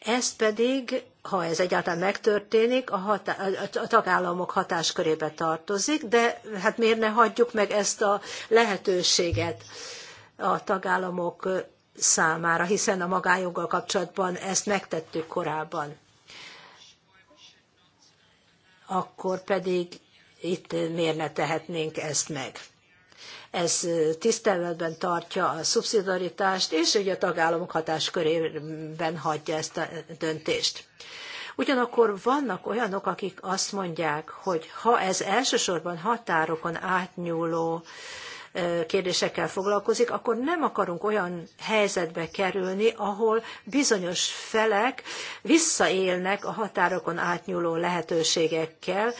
Ezt pedig, ha ez egyáltalán megtörténik, a, hatá- a tagállamok hatáskörébe tartozik, de hát miért ne hagyjuk meg ezt a lehetőséget a tagállamok számára, hiszen a magánjoggal kapcsolatban ezt megtettük korábban akkor pedig itt miért ne tehetnénk ezt meg. Ez tiszteletben tartja a szubszidaritást, és ugye a tagállamok hatáskörében hagyja ezt a döntést. Ugyanakkor vannak olyanok, akik azt mondják, hogy ha ez elsősorban határokon átnyúló kérdésekkel foglalkozik, akkor nem akarunk olyan helyzetbe kerülni, ahol bizonyos felek visszaélnek a határokon átnyúló lehetőségekkel,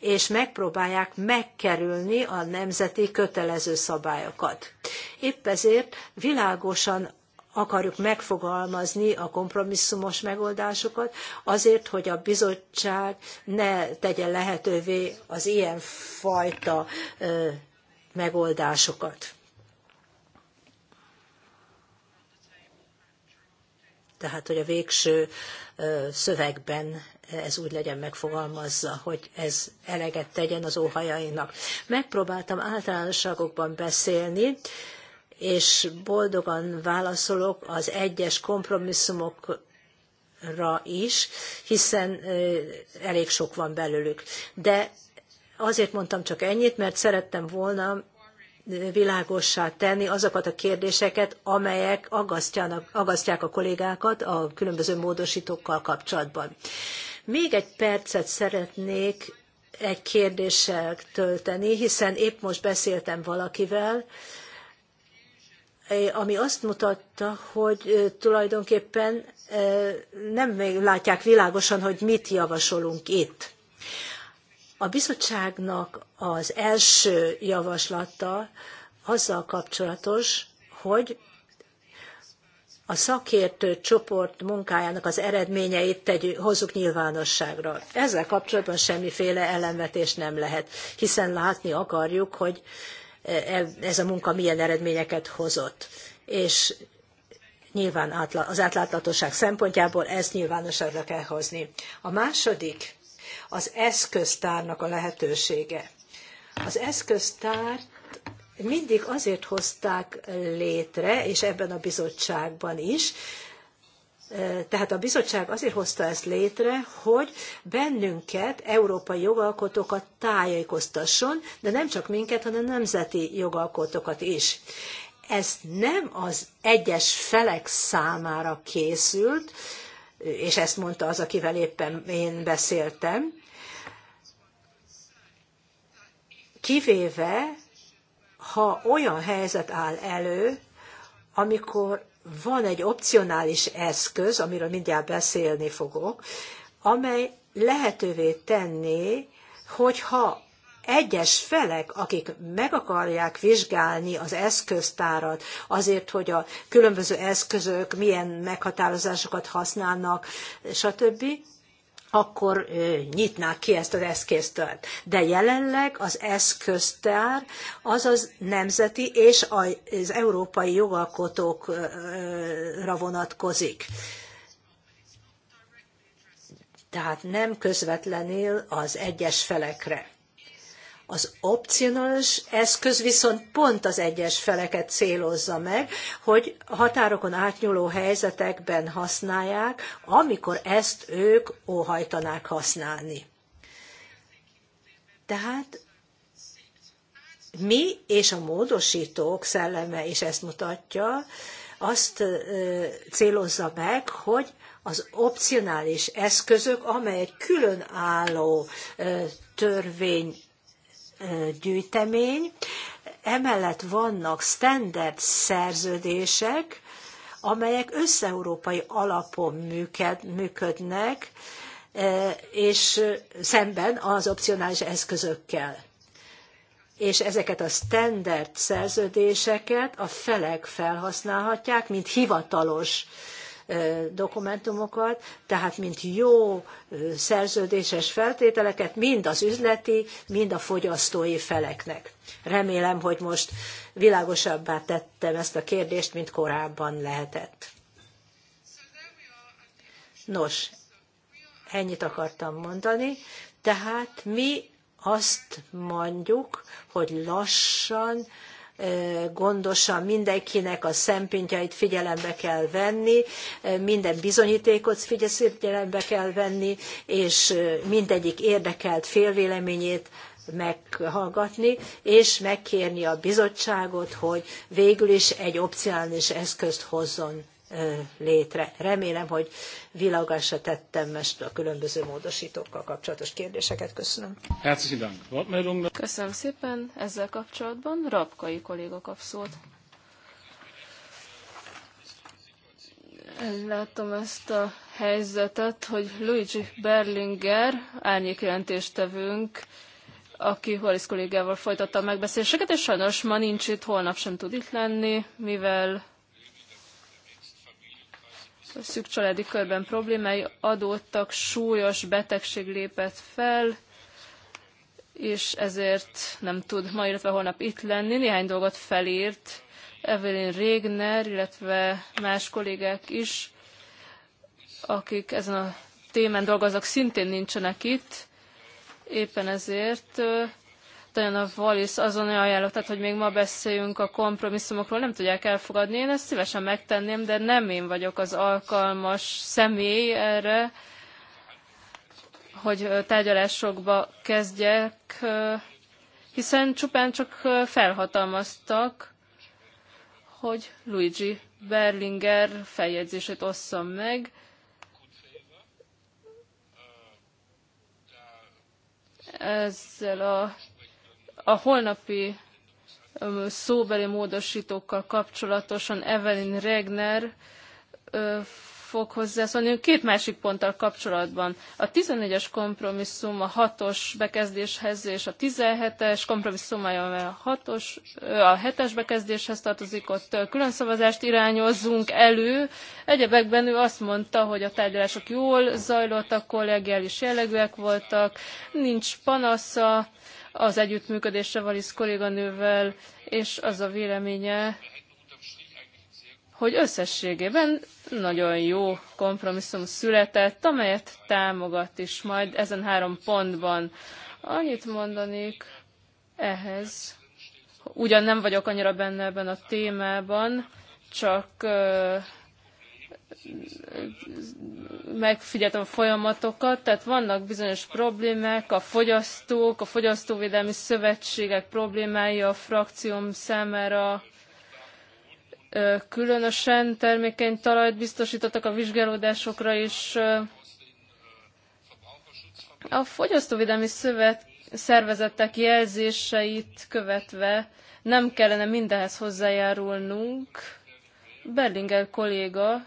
és megpróbálják megkerülni a nemzeti kötelező szabályokat. Épp ezért világosan akarjuk megfogalmazni a kompromisszumos megoldásokat, azért, hogy a bizottság ne tegye lehetővé az ilyen fajta megoldásokat. Tehát, hogy a végső szövegben ez úgy legyen megfogalmazza, hogy ez eleget tegyen az óhajainak. Megpróbáltam általánosságokban beszélni, és boldogan válaszolok az egyes kompromisszumokra is, hiszen elég sok van belőlük. De Azért mondtam csak ennyit, mert szerettem volna világossá tenni azokat a kérdéseket, amelyek aggasztják a kollégákat a különböző módosítókkal kapcsolatban. Még egy percet szeretnék egy kérdéssel tölteni, hiszen épp most beszéltem valakivel, ami azt mutatta, hogy tulajdonképpen nem látják világosan, hogy mit javasolunk itt. A bizottságnak az első javaslata azzal kapcsolatos, hogy a szakértő csoport munkájának az eredményeit tegyük, hozzuk nyilvánosságra. Ezzel kapcsolatban semmiféle ellenvetés nem lehet, hiszen látni akarjuk, hogy e, ez a munka milyen eredményeket hozott. És nyilván az átláthatóság szempontjából ezt nyilvánosságra kell hozni. A második az eszköztárnak a lehetősége. Az eszköztárt mindig azért hozták létre, és ebben a bizottságban is, tehát a bizottság azért hozta ezt létre, hogy bennünket, európai jogalkotókat tájékoztasson, de nem csak minket, hanem nemzeti jogalkotókat is. Ez nem az egyes felek számára készült, és ezt mondta az, akivel éppen én beszéltem, kivéve, ha olyan helyzet áll elő, amikor van egy opcionális eszköz, amiről mindjárt beszélni fogok, amely lehetővé tenné, hogyha egyes felek, akik meg akarják vizsgálni az eszköztárat, azért, hogy a különböző eszközök milyen meghatározásokat használnak, stb., akkor nyitnák ki ezt az eszköztárt. De jelenleg az eszköztár az az nemzeti és az európai jogalkotókra vonatkozik. Tehát nem közvetlenül az egyes felekre. Az opcionális eszköz viszont pont az egyes feleket célozza meg, hogy határokon átnyúló helyzetekben használják, amikor ezt ők óhajtanák használni. Tehát mi és a módosítók szelleme is ezt mutatja, azt célozza meg, hogy az opcionális eszközök, amely egy különálló törvény gyűjtemény. Emellett vannak standard szerződések, amelyek összeurópai alapon működnek, és szemben az opcionális eszközökkel. És ezeket a standard szerződéseket a felek felhasználhatják, mint hivatalos dokumentumokat, tehát mint jó szerződéses feltételeket mind az üzleti, mind a fogyasztói feleknek. Remélem, hogy most világosabbá tettem ezt a kérdést, mint korábban lehetett. Nos, ennyit akartam mondani. Tehát mi azt mondjuk, hogy lassan, gondosan mindenkinek a szempontjait figyelembe kell venni, minden bizonyítékot figyelembe kell venni, és mindegyik érdekelt félvéleményét meghallgatni, és megkérni a bizottságot, hogy végül is egy opcionális eszközt hozzon létre. Remélem, hogy világásra tettem most a különböző módosítókkal kapcsolatos kérdéseket. Köszönöm. Köszönöm szépen. Ezzel kapcsolatban Rabkai kolléga kap szót. Látom ezt a helyzetet, hogy Luigi Berlinger, árnyékjelentéstevőnk, aki Horis kollégával folytatta a megbeszéléseket, és sajnos ma nincs itt, holnap sem tud itt lenni, mivel szűk családi körben problémái adódtak, súlyos betegség lépett fel, és ezért nem tud ma, illetve holnap itt lenni. Néhány dolgot felírt Evelyn Régner, illetve más kollégák is, akik ezen a témán dolgoznak, szintén nincsenek itt. Éppen ezért Diana Wallis azon ajánlatát, hogy még ma beszéljünk a kompromisszumokról, nem tudják elfogadni. Én ezt szívesen megtenném, de nem én vagyok az alkalmas személy erre, hogy tárgyalásokba kezdjek, hiszen csupán csak felhatalmaztak, hogy Luigi Berlinger feljegyzését osszam meg, ezzel a a holnapi szóbeli módosítókkal kapcsolatosan Evelyn Regner fog hozzászólni, két másik ponttal kapcsolatban. A 14-es kompromisszum a 6-os bekezdéshez és a 17-es kompromisszum, amely a, 6-os, a 7-es bekezdéshez tartozik, ott külön szavazást irányozzunk elő. Egyebekben ő azt mondta, hogy a tárgyalások jól zajlottak, kollegiális jellegűek voltak, nincs panasza, az együttműködésre Valisz kolléganővel, és az a véleménye, hogy összességében nagyon jó kompromisszum született, amelyet támogat is majd ezen három pontban. Annyit mondanék ehhez, ugyan nem vagyok annyira benne ebben a témában, csak megfigyeltem a folyamatokat, tehát vannak bizonyos problémák, a fogyasztók, a fogyasztóvédelmi szövetségek problémái a frakcióm számára különösen termékeny talajt biztosítottak a vizsgálódásokra is. A fogyasztóvédelmi szövet szervezettek jelzéseit követve nem kellene mindenhez hozzájárulnunk. Berlinger kolléga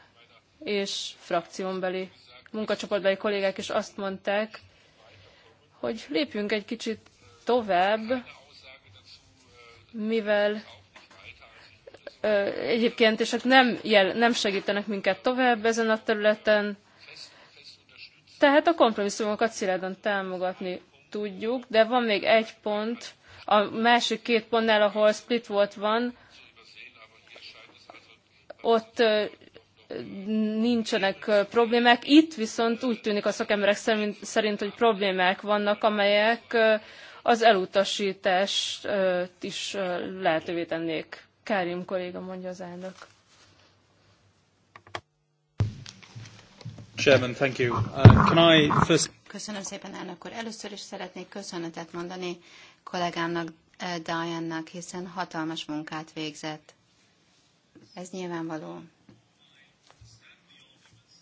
és frakciónbeli munkacsoportbeli kollégák is azt mondták, hogy lépjünk egy kicsit tovább, mivel ö, egyébként, és hát nem, jel, nem segítenek minket tovább ezen a területen, tehát a kompromisszumokat szilárdan támogatni tudjuk, de van még egy pont, a másik két pontnál, ahol split volt van, ott nincsenek problémák. Itt viszont úgy tűnik a szakemberek szerint, hogy problémák vannak, amelyek az elutasítást is lehetővé tennék. Kárim kolléga mondja az elnök. Chairman, thank you. Uh, can I first... Köszönöm szépen, elnök úr. Először is szeretnék köszönetet mondani kollégámnak, eh, Diane-nak, hiszen hatalmas munkát végzett. Ez nyilvánvaló.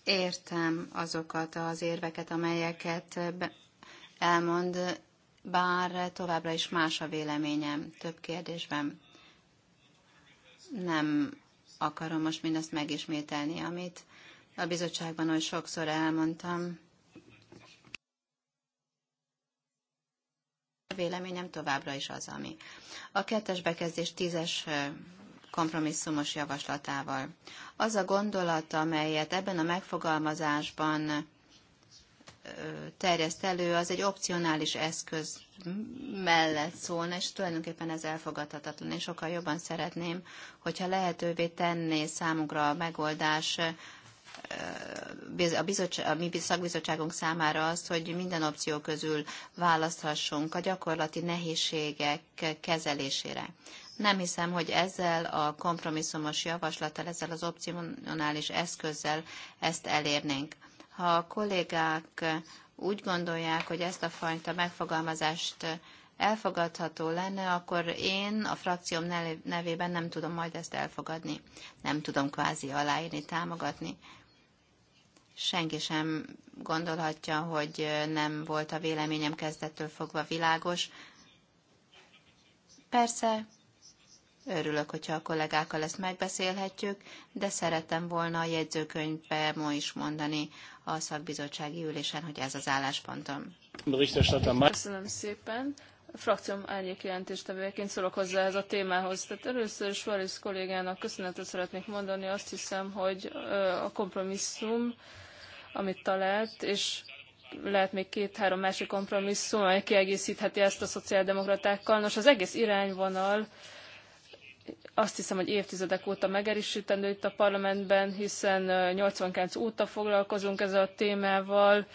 Értem azokat az érveket, amelyeket elmond, bár továbbra is más a véleményem több kérdésben. Nem akarom most mindazt megismételni, amit a bizottságban oly sokszor elmondtam. A véleményem továbbra is az, ami. A kettes bekezdés tízes kompromisszumos javaslatával. Az a gondolat, amelyet ebben a megfogalmazásban terjeszt elő, az egy opcionális eszköz mellett szólna, és tulajdonképpen ez elfogadhatatlan. Én sokkal jobban szeretném, hogyha lehetővé tenné számunkra a megoldás a, a mi szakbizottságunk számára azt, hogy minden opció közül választhassunk a gyakorlati nehézségek kezelésére. Nem hiszem, hogy ezzel a kompromisszumos javaslattal, ezzel az opcionális eszközzel ezt elérnénk. Ha a kollégák úgy gondolják, hogy ezt a fajta megfogalmazást elfogadható lenne, akkor én a frakcióm nevében nem tudom majd ezt elfogadni. Nem tudom kvázi aláírni, támogatni. Senki sem gondolhatja, hogy nem volt a véleményem kezdettől fogva világos. Persze, Örülök, hogyha a kollégákkal ezt megbeszélhetjük, de szerettem volna a jegyzőkönyvbe ma is mondani a szakbizottsági ülésen, hogy ez az álláspontom. Köszönöm szépen. A frakcióm árnyék jelentéstevőjeként szólok hozzá ez a témához. Tehát először is Varisz kollégának köszönetet szeretnék mondani. Azt hiszem, hogy a kompromisszum, amit talált, és lehet még két-három másik kompromisszum, amely kiegészítheti ezt a szociáldemokratákkal. Nos, az egész irányvonal azt hiszem, hogy évtizedek óta megerősítendő itt a parlamentben, hiszen 89 óta foglalkozunk ezzel a témával,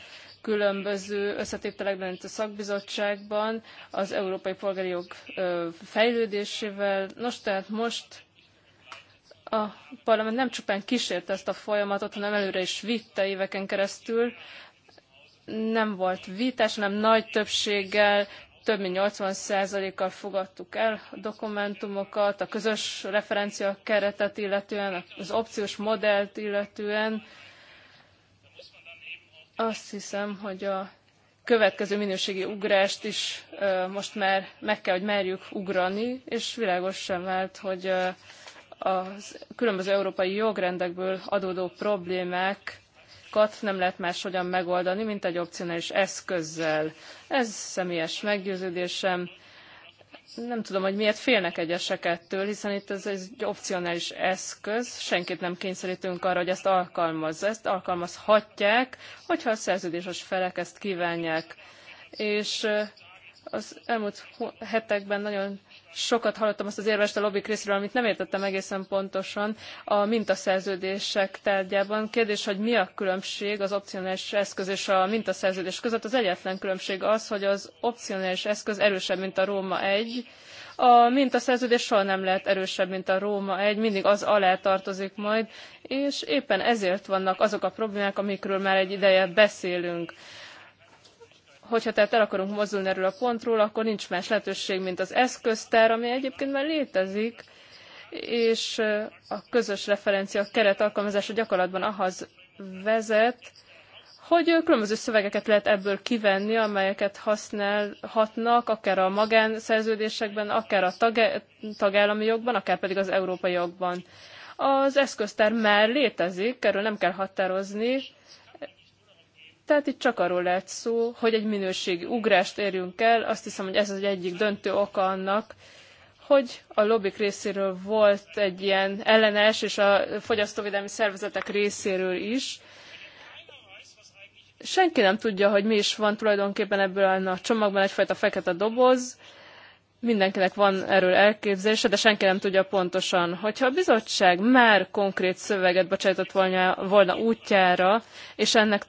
különböző összetételekben itt a szakbizottságban, az európai polgári jog fejlődésével. Nos, tehát most a parlament nem csupán kísérte ezt a folyamatot, hanem előre is vitte éveken keresztül, nem volt vitás, hanem nagy többséggel több mint 80%-kal fogadtuk el a dokumentumokat, a közös referencia keretet illetően, az opciós modellt illetően. Azt hiszem, hogy a következő minőségi ugrást is most már meg kell, hogy merjük ugrani, és világos sem vált, hogy a különböző európai jogrendekből adódó problémák problémákat nem lehet máshogyan megoldani, mint egy opcionális eszközzel. Ez személyes meggyőződésem. Nem tudom, hogy miért félnek egyesek ettől, hiszen itt ez egy opcionális eszköz, senkit nem kényszerítünk arra, hogy ezt alkalmazza. Ezt alkalmazhatják, hogyha a szerződéses felek ezt kívánják. És az elmúlt hetekben nagyon sokat hallottam azt az érvest a lobby részéről, amit nem értettem egészen pontosan a mintaszerződések tárgyában. Kérdés, hogy mi a különbség az opcionális eszköz és a mintaszerződés között. Az egyetlen különbség az, hogy az opcionális eszköz erősebb, mint a Róma 1, a mintaszerződés soha nem lehet erősebb, mint a Róma egy. mindig az alá tartozik majd, és éppen ezért vannak azok a problémák, amikről már egy ideje beszélünk. Hogyha tehát el akarunk mozdulni erről a pontról, akkor nincs más lehetőség, mint az eszköztár, ami egyébként már létezik, és a közös referencia keret alkalmazása gyakorlatban ahhoz vezet, hogy különböző szövegeket lehet ebből kivenni, amelyeket használhatnak, akár a magánszerződésekben, akár a tag- tagállami jogban, akár pedig az európai jogban. Az eszköztár már létezik, erről nem kell határozni, tehát itt csak arról lehet szó, hogy egy minőségi ugrást érjünk el. Azt hiszem, hogy ez az egyik döntő oka annak, hogy a lobbik részéről volt egy ilyen ellenes, és a fogyasztóvédelmi szervezetek részéről is. Senki nem tudja, hogy mi is van tulajdonképpen ebből a csomagban egyfajta fekete doboz, mindenkinek van erről elképzelése, de senki nem tudja pontosan. Hogyha a bizottság már konkrét szöveget bocsájtott volna, volna útjára, és ennek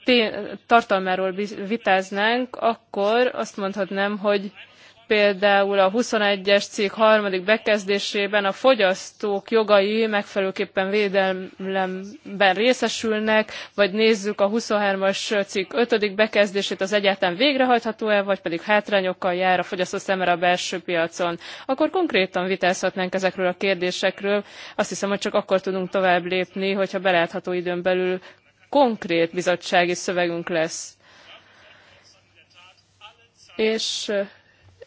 tartalmáról vitáznánk, akkor azt mondhatnám, hogy például a 21-es cikk harmadik bekezdésében a fogyasztók jogai megfelelőképpen védelemben részesülnek, vagy nézzük a 23-as cikk ötödik bekezdését, az egyáltalán végrehajtható-e, vagy pedig hátrányokkal jár a fogyasztó szemre a belső piacon. Akkor konkrétan vitázhatnánk ezekről a kérdésekről. Azt hiszem, hogy csak akkor tudunk tovább lépni, hogyha belátható időn belül konkrét bizottsági szövegünk lesz. És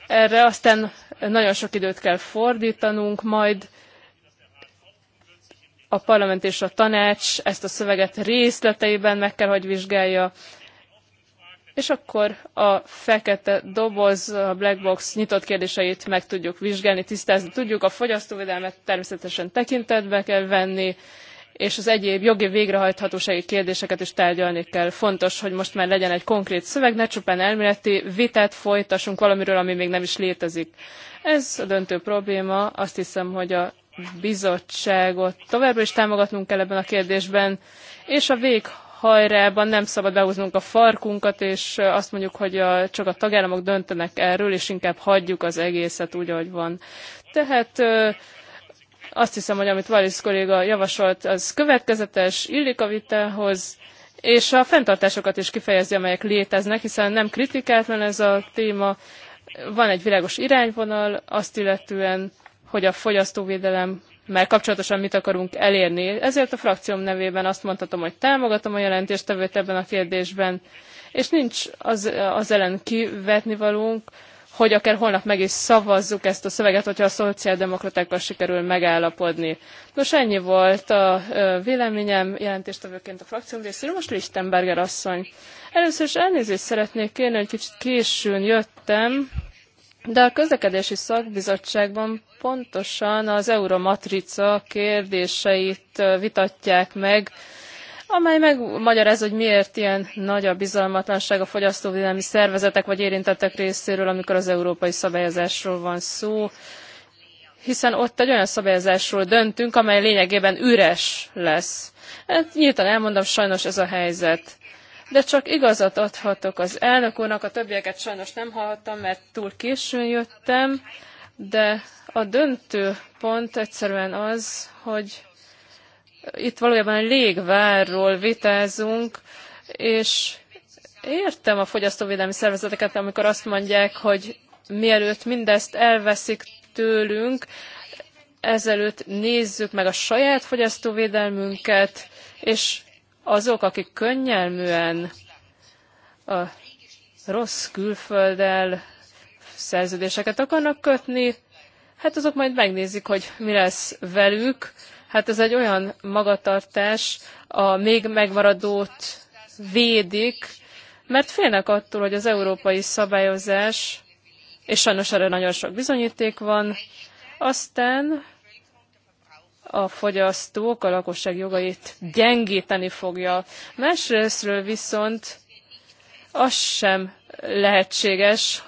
erre aztán nagyon sok időt kell fordítanunk, majd a parlament és a tanács ezt a szöveget részleteiben meg kell, hogy vizsgálja. És akkor a fekete doboz, a black box nyitott kérdéseit meg tudjuk vizsgálni, tisztázni tudjuk. A fogyasztóvédelmet természetesen tekintetbe kell venni, és az egyéb jogi végrehajthatósági kérdéseket is tárgyalni kell. Fontos, hogy most már legyen egy konkrét szöveg, ne csupán elméleti vitát folytassunk valamiről, ami még nem is létezik. Ez a döntő probléma. Azt hiszem, hogy a bizottságot továbbra is támogatnunk kell ebben a kérdésben, és a véghajrában nem szabad behúznunk a farkunkat, és azt mondjuk, hogy a, csak a tagállamok döntenek erről, és inkább hagyjuk az egészet úgy, ahogy van. Tehát azt hiszem, hogy amit Wallis kolléga javasolt, az következetes, illik a vitához, és a fenntartásokat is kifejezi, amelyek léteznek, hiszen nem kritikátlan ez a téma, van egy világos irányvonal, azt illetően, hogy a fogyasztóvédelem mert kapcsolatosan mit akarunk elérni. Ezért a frakcióm nevében azt mondhatom, hogy támogatom a jelentéstevőt ebben a kérdésben, és nincs az, az ellen kivetni valunk, hogy akár holnap meg is szavazzuk ezt a szöveget, hogyha a szociáldemokratákkal sikerül megállapodni. Nos, ennyi volt a véleményem jelentéstevőként a frakcióm részéről. Most Lichtenberger asszony. Először is elnézést szeretnék kérni, hogy kicsit későn jöttem, de a közlekedési szakbizottságban pontosan az Euromatrica kérdéseit vitatják meg, amely megmagyaráz, hogy miért ilyen nagy a bizalmatlanság a fogyasztóvédelmi szervezetek vagy érintettek részéről, amikor az európai szabályozásról van szó, hiszen ott egy olyan szabályozásról döntünk, amely lényegében üres lesz. Hát nyíltan elmondom, sajnos ez a helyzet. De csak igazat adhatok az elnök úrnak, a többieket sajnos nem hallhattam, mert túl későn jöttem, de a döntő pont egyszerűen az, hogy itt valójában légvárról vitázunk, és értem a fogyasztóvédelmi szervezeteket, amikor azt mondják, hogy mielőtt mindezt elveszik tőlünk, ezelőtt nézzük meg a saját fogyasztóvédelmünket, és azok, akik könnyelműen a rossz külfölddel szerződéseket akarnak kötni, hát azok majd megnézik, hogy mi lesz velük, Hát ez egy olyan magatartás, a még megmaradót védik, mert félnek attól, hogy az európai szabályozás, és sajnos erre nagyon sok bizonyíték van, aztán a fogyasztók a lakosság jogait gyengíteni fogja. Másrésztről viszont az sem lehetséges,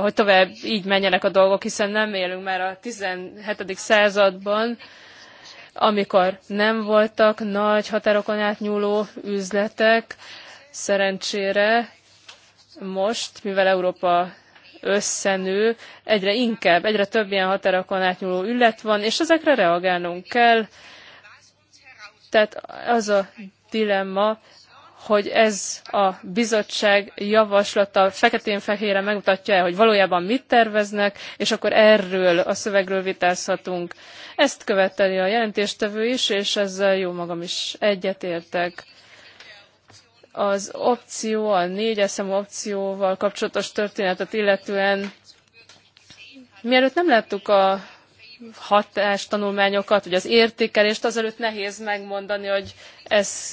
hogy tovább így menjenek a dolgok, hiszen nem élünk már a 17. században, amikor nem voltak nagy határokon átnyúló üzletek, szerencsére most, mivel Európa összenő, egyre inkább, egyre több ilyen határokon átnyúló üllet van, és ezekre reagálnunk kell. Tehát az a dilemma, hogy ez a bizottság javaslata feketén-fehére megmutatja -e, hogy valójában mit terveznek, és akkor erről a szövegről vitázhatunk. Ezt követeli a jelentéstevő is, és ezzel jó magam is egyetértek. Az opció, a négyes számú opcióval kapcsolatos történetet illetően Mielőtt nem láttuk a hatástanulmányokat, vagy az értékelést, azelőtt nehéz megmondani, hogy ez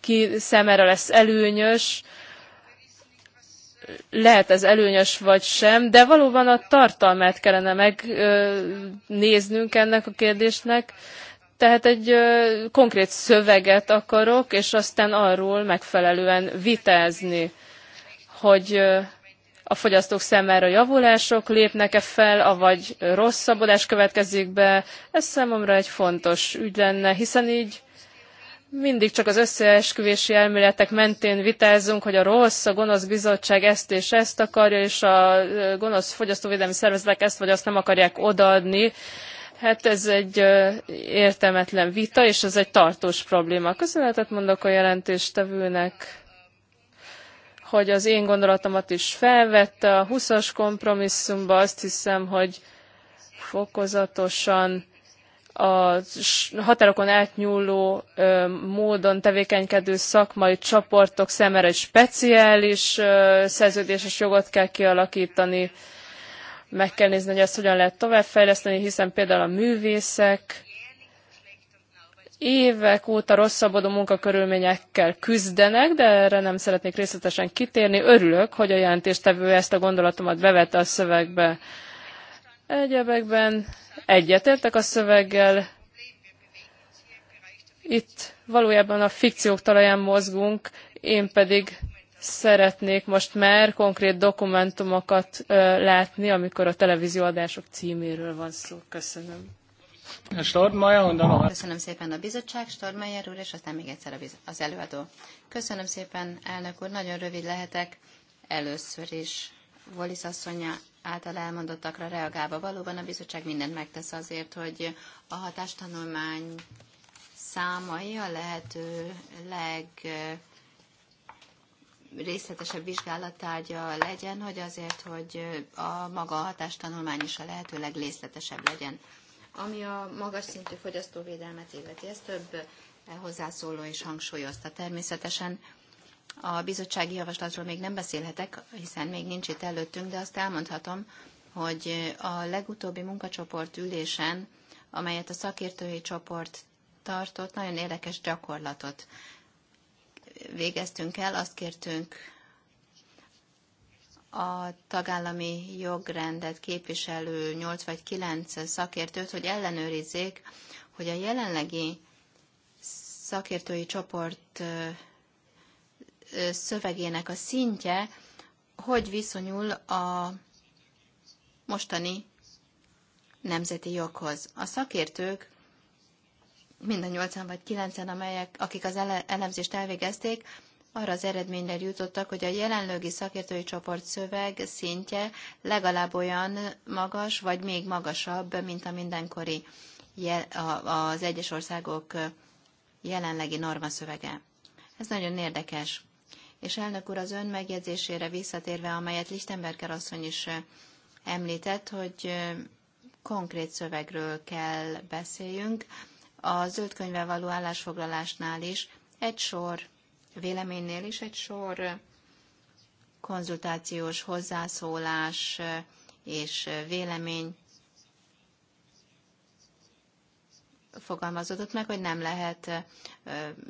ki szemére lesz előnyös, lehet ez előnyös vagy sem, de valóban a tartalmát kellene megnéznünk ennek a kérdésnek. Tehát egy konkrét szöveget akarok, és aztán arról megfelelően vitázni, hogy a fogyasztók számára javulások lépnek-e fel, avagy rosszabbodás következik be. Ez számomra egy fontos ügy lenne, hiszen így mindig csak az összeesküvési elméletek mentén vitázunk, hogy a rossz, a gonosz bizottság ezt és ezt akarja, és a gonosz fogyasztóvédelmi szervezetek ezt vagy azt nem akarják odaadni. Hát ez egy értelmetlen vita, és ez egy tartós probléma. Köszönetet mondok a jelentéstevőnek hogy az én gondolatomat is felvette a 20-as kompromisszumba. Azt hiszem, hogy fokozatosan a határokon átnyúló módon tevékenykedő szakmai csoportok számára egy speciális szerződéses jogot kell kialakítani. Meg kell nézni, hogy ezt hogyan lehet továbbfejleszteni, hiszen például a művészek, évek óta rosszabbodó munkakörülményekkel küzdenek, de erre nem szeretnék részletesen kitérni. Örülök, hogy a jelentéstevő ezt a gondolatomat bevette a szövegbe. Egyebekben egyetértek a szöveggel. Itt valójában a fikciók talaján mozgunk, én pedig szeretnék most már konkrét dokumentumokat ö, látni, amikor a televízióadások címéről van szó. Köszönöm. Köszönöm szépen a bizottság, Stormeyer úr, és aztán még egyszer az előadó. Köszönöm szépen, elnök úr, nagyon rövid lehetek. Először is Wallis asszonya által elmondottakra reagálva valóban a bizottság mindent megtesz azért, hogy a hatástanulmány számai a lehető leg részletesebb vizsgálattárgya legyen, hogy azért, hogy a maga a hatástanulmány is a lehető legrészletesebb legyen. Ami a magas szintű fogyasztóvédelmet illeti, ez több eh, hozzászóló is hangsúlyozta. Természetesen a bizottsági javaslatról még nem beszélhetek, hiszen még nincs itt előttünk, de azt elmondhatom, hogy a legutóbbi munkacsoport ülésen, amelyet a szakértői csoport tartott, nagyon érdekes gyakorlatot végeztünk el, azt kértünk a tagállami jogrendet képviselő 8 vagy 9 szakértőt, hogy ellenőrizzék, hogy a jelenlegi szakértői csoport szövegének a szintje hogy viszonyul a mostani nemzeti joghoz. A szakértők, mind a nyolcan vagy kilencen, amelyek, akik az elemzést elvégezték, arra az eredményre jutottak, hogy a jelenlegi szakértői csoport szöveg szintje legalább olyan magas, vagy még magasabb, mint a mindenkori az egyes országok jelenlegi norma szövege. Ez nagyon érdekes. És elnök úr az ön megjegyzésére visszatérve, amelyet Lichtenberger asszony is említett, hogy konkrét szövegről kell beszéljünk. A zöld való állásfoglalásnál is egy sor véleménynél is egy sor konzultációs hozzászólás és vélemény fogalmazódott meg, hogy nem lehet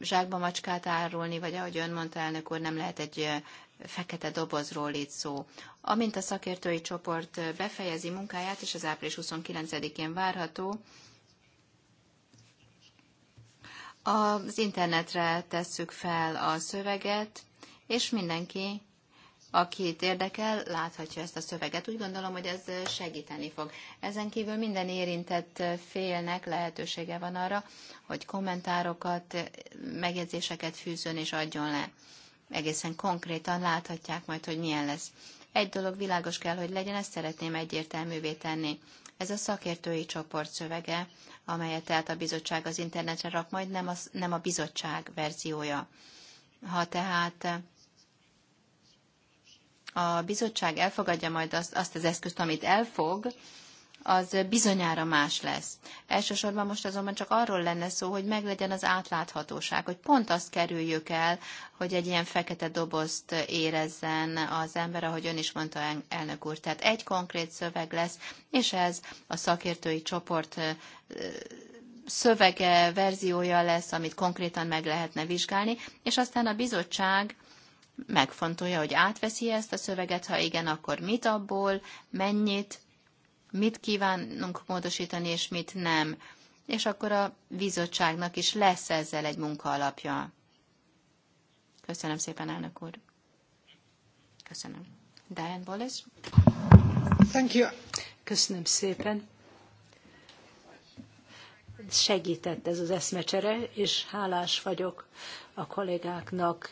zsákba macskát árulni, vagy ahogy ön mondta, elnök úr, nem lehet egy fekete dobozról itt szó. Amint a szakértői csoport befejezi munkáját, és az április 29-én várható, az internetre tesszük fel a szöveget, és mindenki, akit érdekel, láthatja ezt a szöveget. Úgy gondolom, hogy ez segíteni fog. Ezen kívül minden érintett félnek lehetősége van arra, hogy kommentárokat, megjegyzéseket fűzön és adjon le. Egészen konkrétan láthatják majd, hogy milyen lesz. Egy dolog világos kell, hogy legyen, ezt szeretném egyértelművé tenni. Ez a szakértői csoport szövege, amelyet tehát a bizottság az internetre rak, majd nem, az, nem a bizottság verziója. Ha tehát a bizottság elfogadja majd azt, azt az eszközt, amit elfog, az bizonyára más lesz. Elsősorban most azonban csak arról lenne szó, hogy meglegyen az átláthatóság, hogy pont azt kerüljük el, hogy egy ilyen fekete dobozt érezzen az ember, ahogy ön is mondta, elnök úr. Tehát egy konkrét szöveg lesz, és ez a szakértői csoport szövege, verziója lesz, amit konkrétan meg lehetne vizsgálni, és aztán a bizottság megfontolja, hogy átveszi ezt a szöveget, ha igen, akkor mit abból, mennyit, mit kívánunk módosítani, és mit nem. És akkor a bizottságnak is lesz ezzel egy munka alapja. Köszönöm szépen, elnök úr. Köszönöm. Diane Wallace. Thank you. Köszönöm szépen. Segített ez az eszmecsere, és hálás vagyok a kollégáknak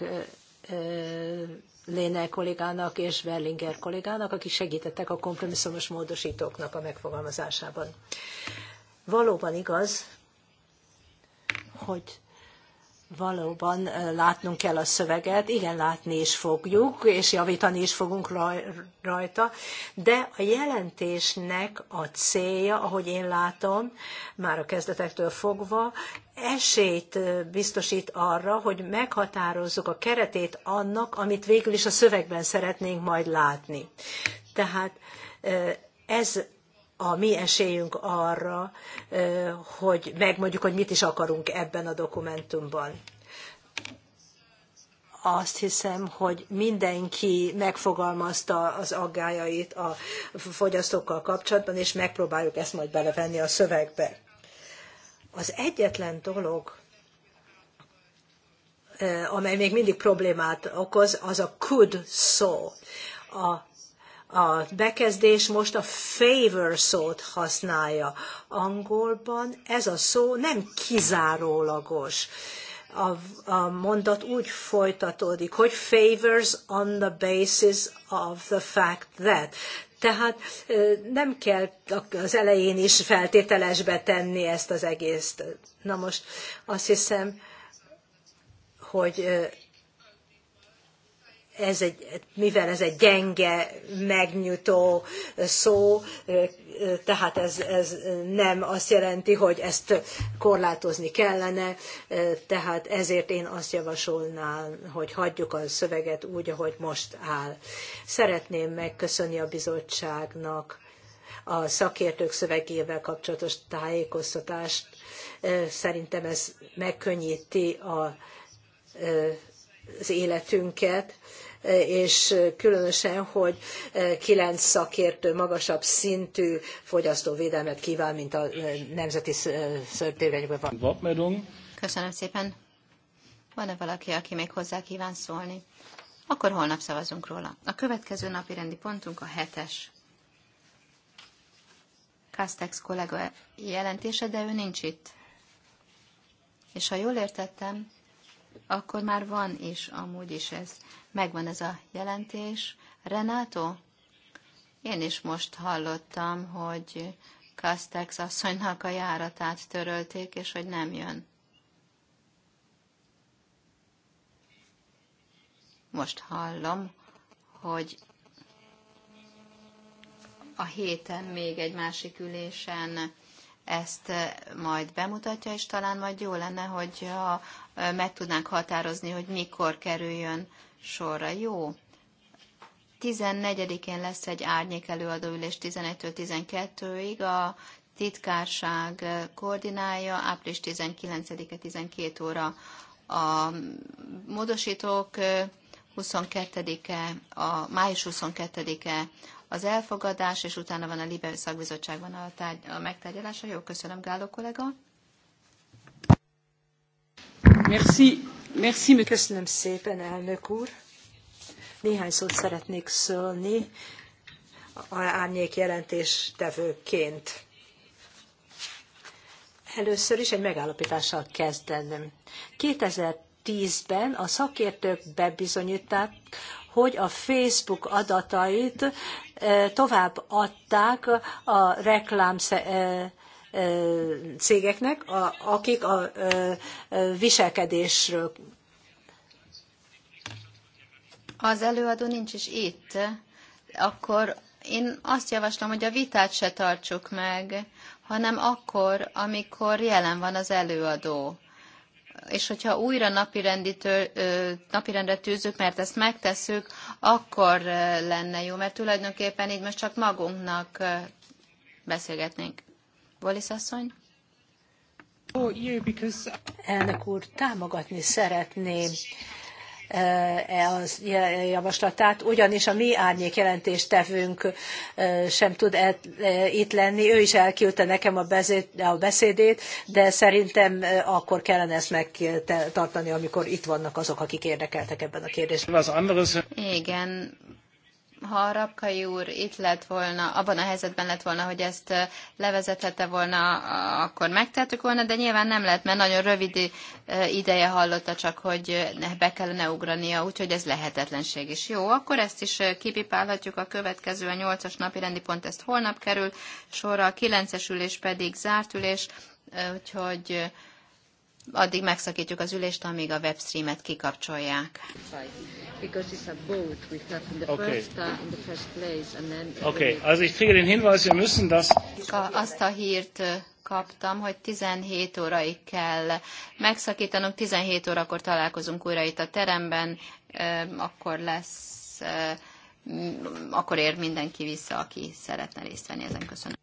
Léne kollégának és Berlinger kollégának, akik segítettek a kompromisszumos módosítóknak a megfogalmazásában. Valóban igaz, hogy valóban látnunk kell a szöveget, igen, látni is fogjuk, és javítani is fogunk rajta, de a jelentésnek a célja, ahogy én látom, már a kezdetektől fogva, esélyt biztosít arra, hogy meghatározzuk a keretét annak, amit végül is a szövegben szeretnénk majd látni. Tehát ez a mi esélyünk arra, hogy megmondjuk, hogy mit is akarunk ebben a dokumentumban. Azt hiszem, hogy mindenki megfogalmazta az aggájait a fogyasztókkal kapcsolatban, és megpróbáljuk ezt majd belevenni a szövegbe. Az egyetlen dolog, amely még mindig problémát okoz, az a could szó. A a bekezdés most a favor szót használja. Angolban ez a szó nem kizárólagos. A, a mondat úgy folytatódik, hogy favors on the basis of the fact that. Tehát nem kell az elején is feltételesbe tenni ezt az egészt. Na most azt hiszem, hogy ez egy, mivel ez egy gyenge, megnyitó szó, tehát ez, ez nem azt jelenti, hogy ezt korlátozni kellene, tehát ezért én azt javasolnám, hogy hagyjuk a szöveget úgy, ahogy most áll. Szeretném megköszönni a bizottságnak a szakértők szövegével kapcsolatos tájékoztatást. Szerintem ez megkönnyíti a az életünket, és különösen, hogy e, kilenc szakértő magasabb szintű fogyasztóvédelmet kíván, mint a e, nemzeti e, szörtévényben van. Köszönöm szépen. Van-e valaki, aki még hozzá kíván szólni? Akkor holnap szavazunk róla. A következő napi rendi pontunk a hetes. Kastex kollega jelentése, de ő nincs itt. És ha jól értettem, akkor már van is, amúgy is ez. Megvan ez a jelentés. Renato? Én is most hallottam, hogy Castex asszonynak a járatát törölték, és hogy nem jön. Most hallom, hogy a héten még egy másik ülésen ezt majd bemutatja, és talán majd jó lenne, hogyha meg tudnánk határozni, hogy mikor kerüljön sorra. Jó. 14-én lesz egy árnyék előadóülés 11-től 12-ig. A titkárság koordinálja, április 19-e 12 óra a módosítók 22-e, a május 22-e az elfogadás, és utána van a Libe szakbizottságban a, tárgy, a megtárgyalása. Jó, köszönöm, Gáló kollega. Merci. Merci. Köszönöm szépen, elnök úr. Néhány szót szeretnék szólni árnyék jelentéstevőként. Először is egy megállapítással kezdeném. 2000 2010-ben a szakértők bebizonyították, hogy a Facebook adatait tovább adták a reklám cégeknek, akik a viselkedésről. Az előadó nincs is itt, akkor én azt javaslom, hogy a vitát se tartsuk meg, hanem akkor, amikor jelen van az előadó és hogyha újra napirendre tűzzük, mert ezt megtesszük, akkor lenne jó, mert tulajdonképpen így most csak magunknak beszélgetnénk. Wallis asszony? Elnök úr, támogatni szeretném E, e, az e, javaslatát, ugyanis a mi árnyék jelentéstevünk sem tud itt lenni. Ő is elküldte nekem a beszédét, de szerintem akkor kellene ezt megtartani, amikor itt vannak azok, akik érdekeltek ebben a kérdésben. Igen, ha Rapkai úr itt lett volna, abban a helyzetben lett volna, hogy ezt eh, levezethette volna, akkor megtettük volna, de nyilván nem lett, mert nagyon rövid eh, ideje hallotta csak, hogy eh, be kellene ugrania, úgyhogy ez lehetetlenség is. Jó, akkor ezt is kipipálhatjuk a következő, a nyolcas napi rendi pont, ezt holnap kerül sorra, a 9 ülés pedig zárt ülés, úgyhogy addig megszakítjuk az ülést, amíg a webstreamet kikapcsolják. Oké. Uh, okay, also ich kriege den müssen das... Azt a hírt kaptam, hogy 17 óraig kell megszakítanunk, 17 órakor találkozunk újra itt a teremben, akkor lesz, akkor ér mindenki vissza, aki szeretne részt venni ezen. Köszönöm.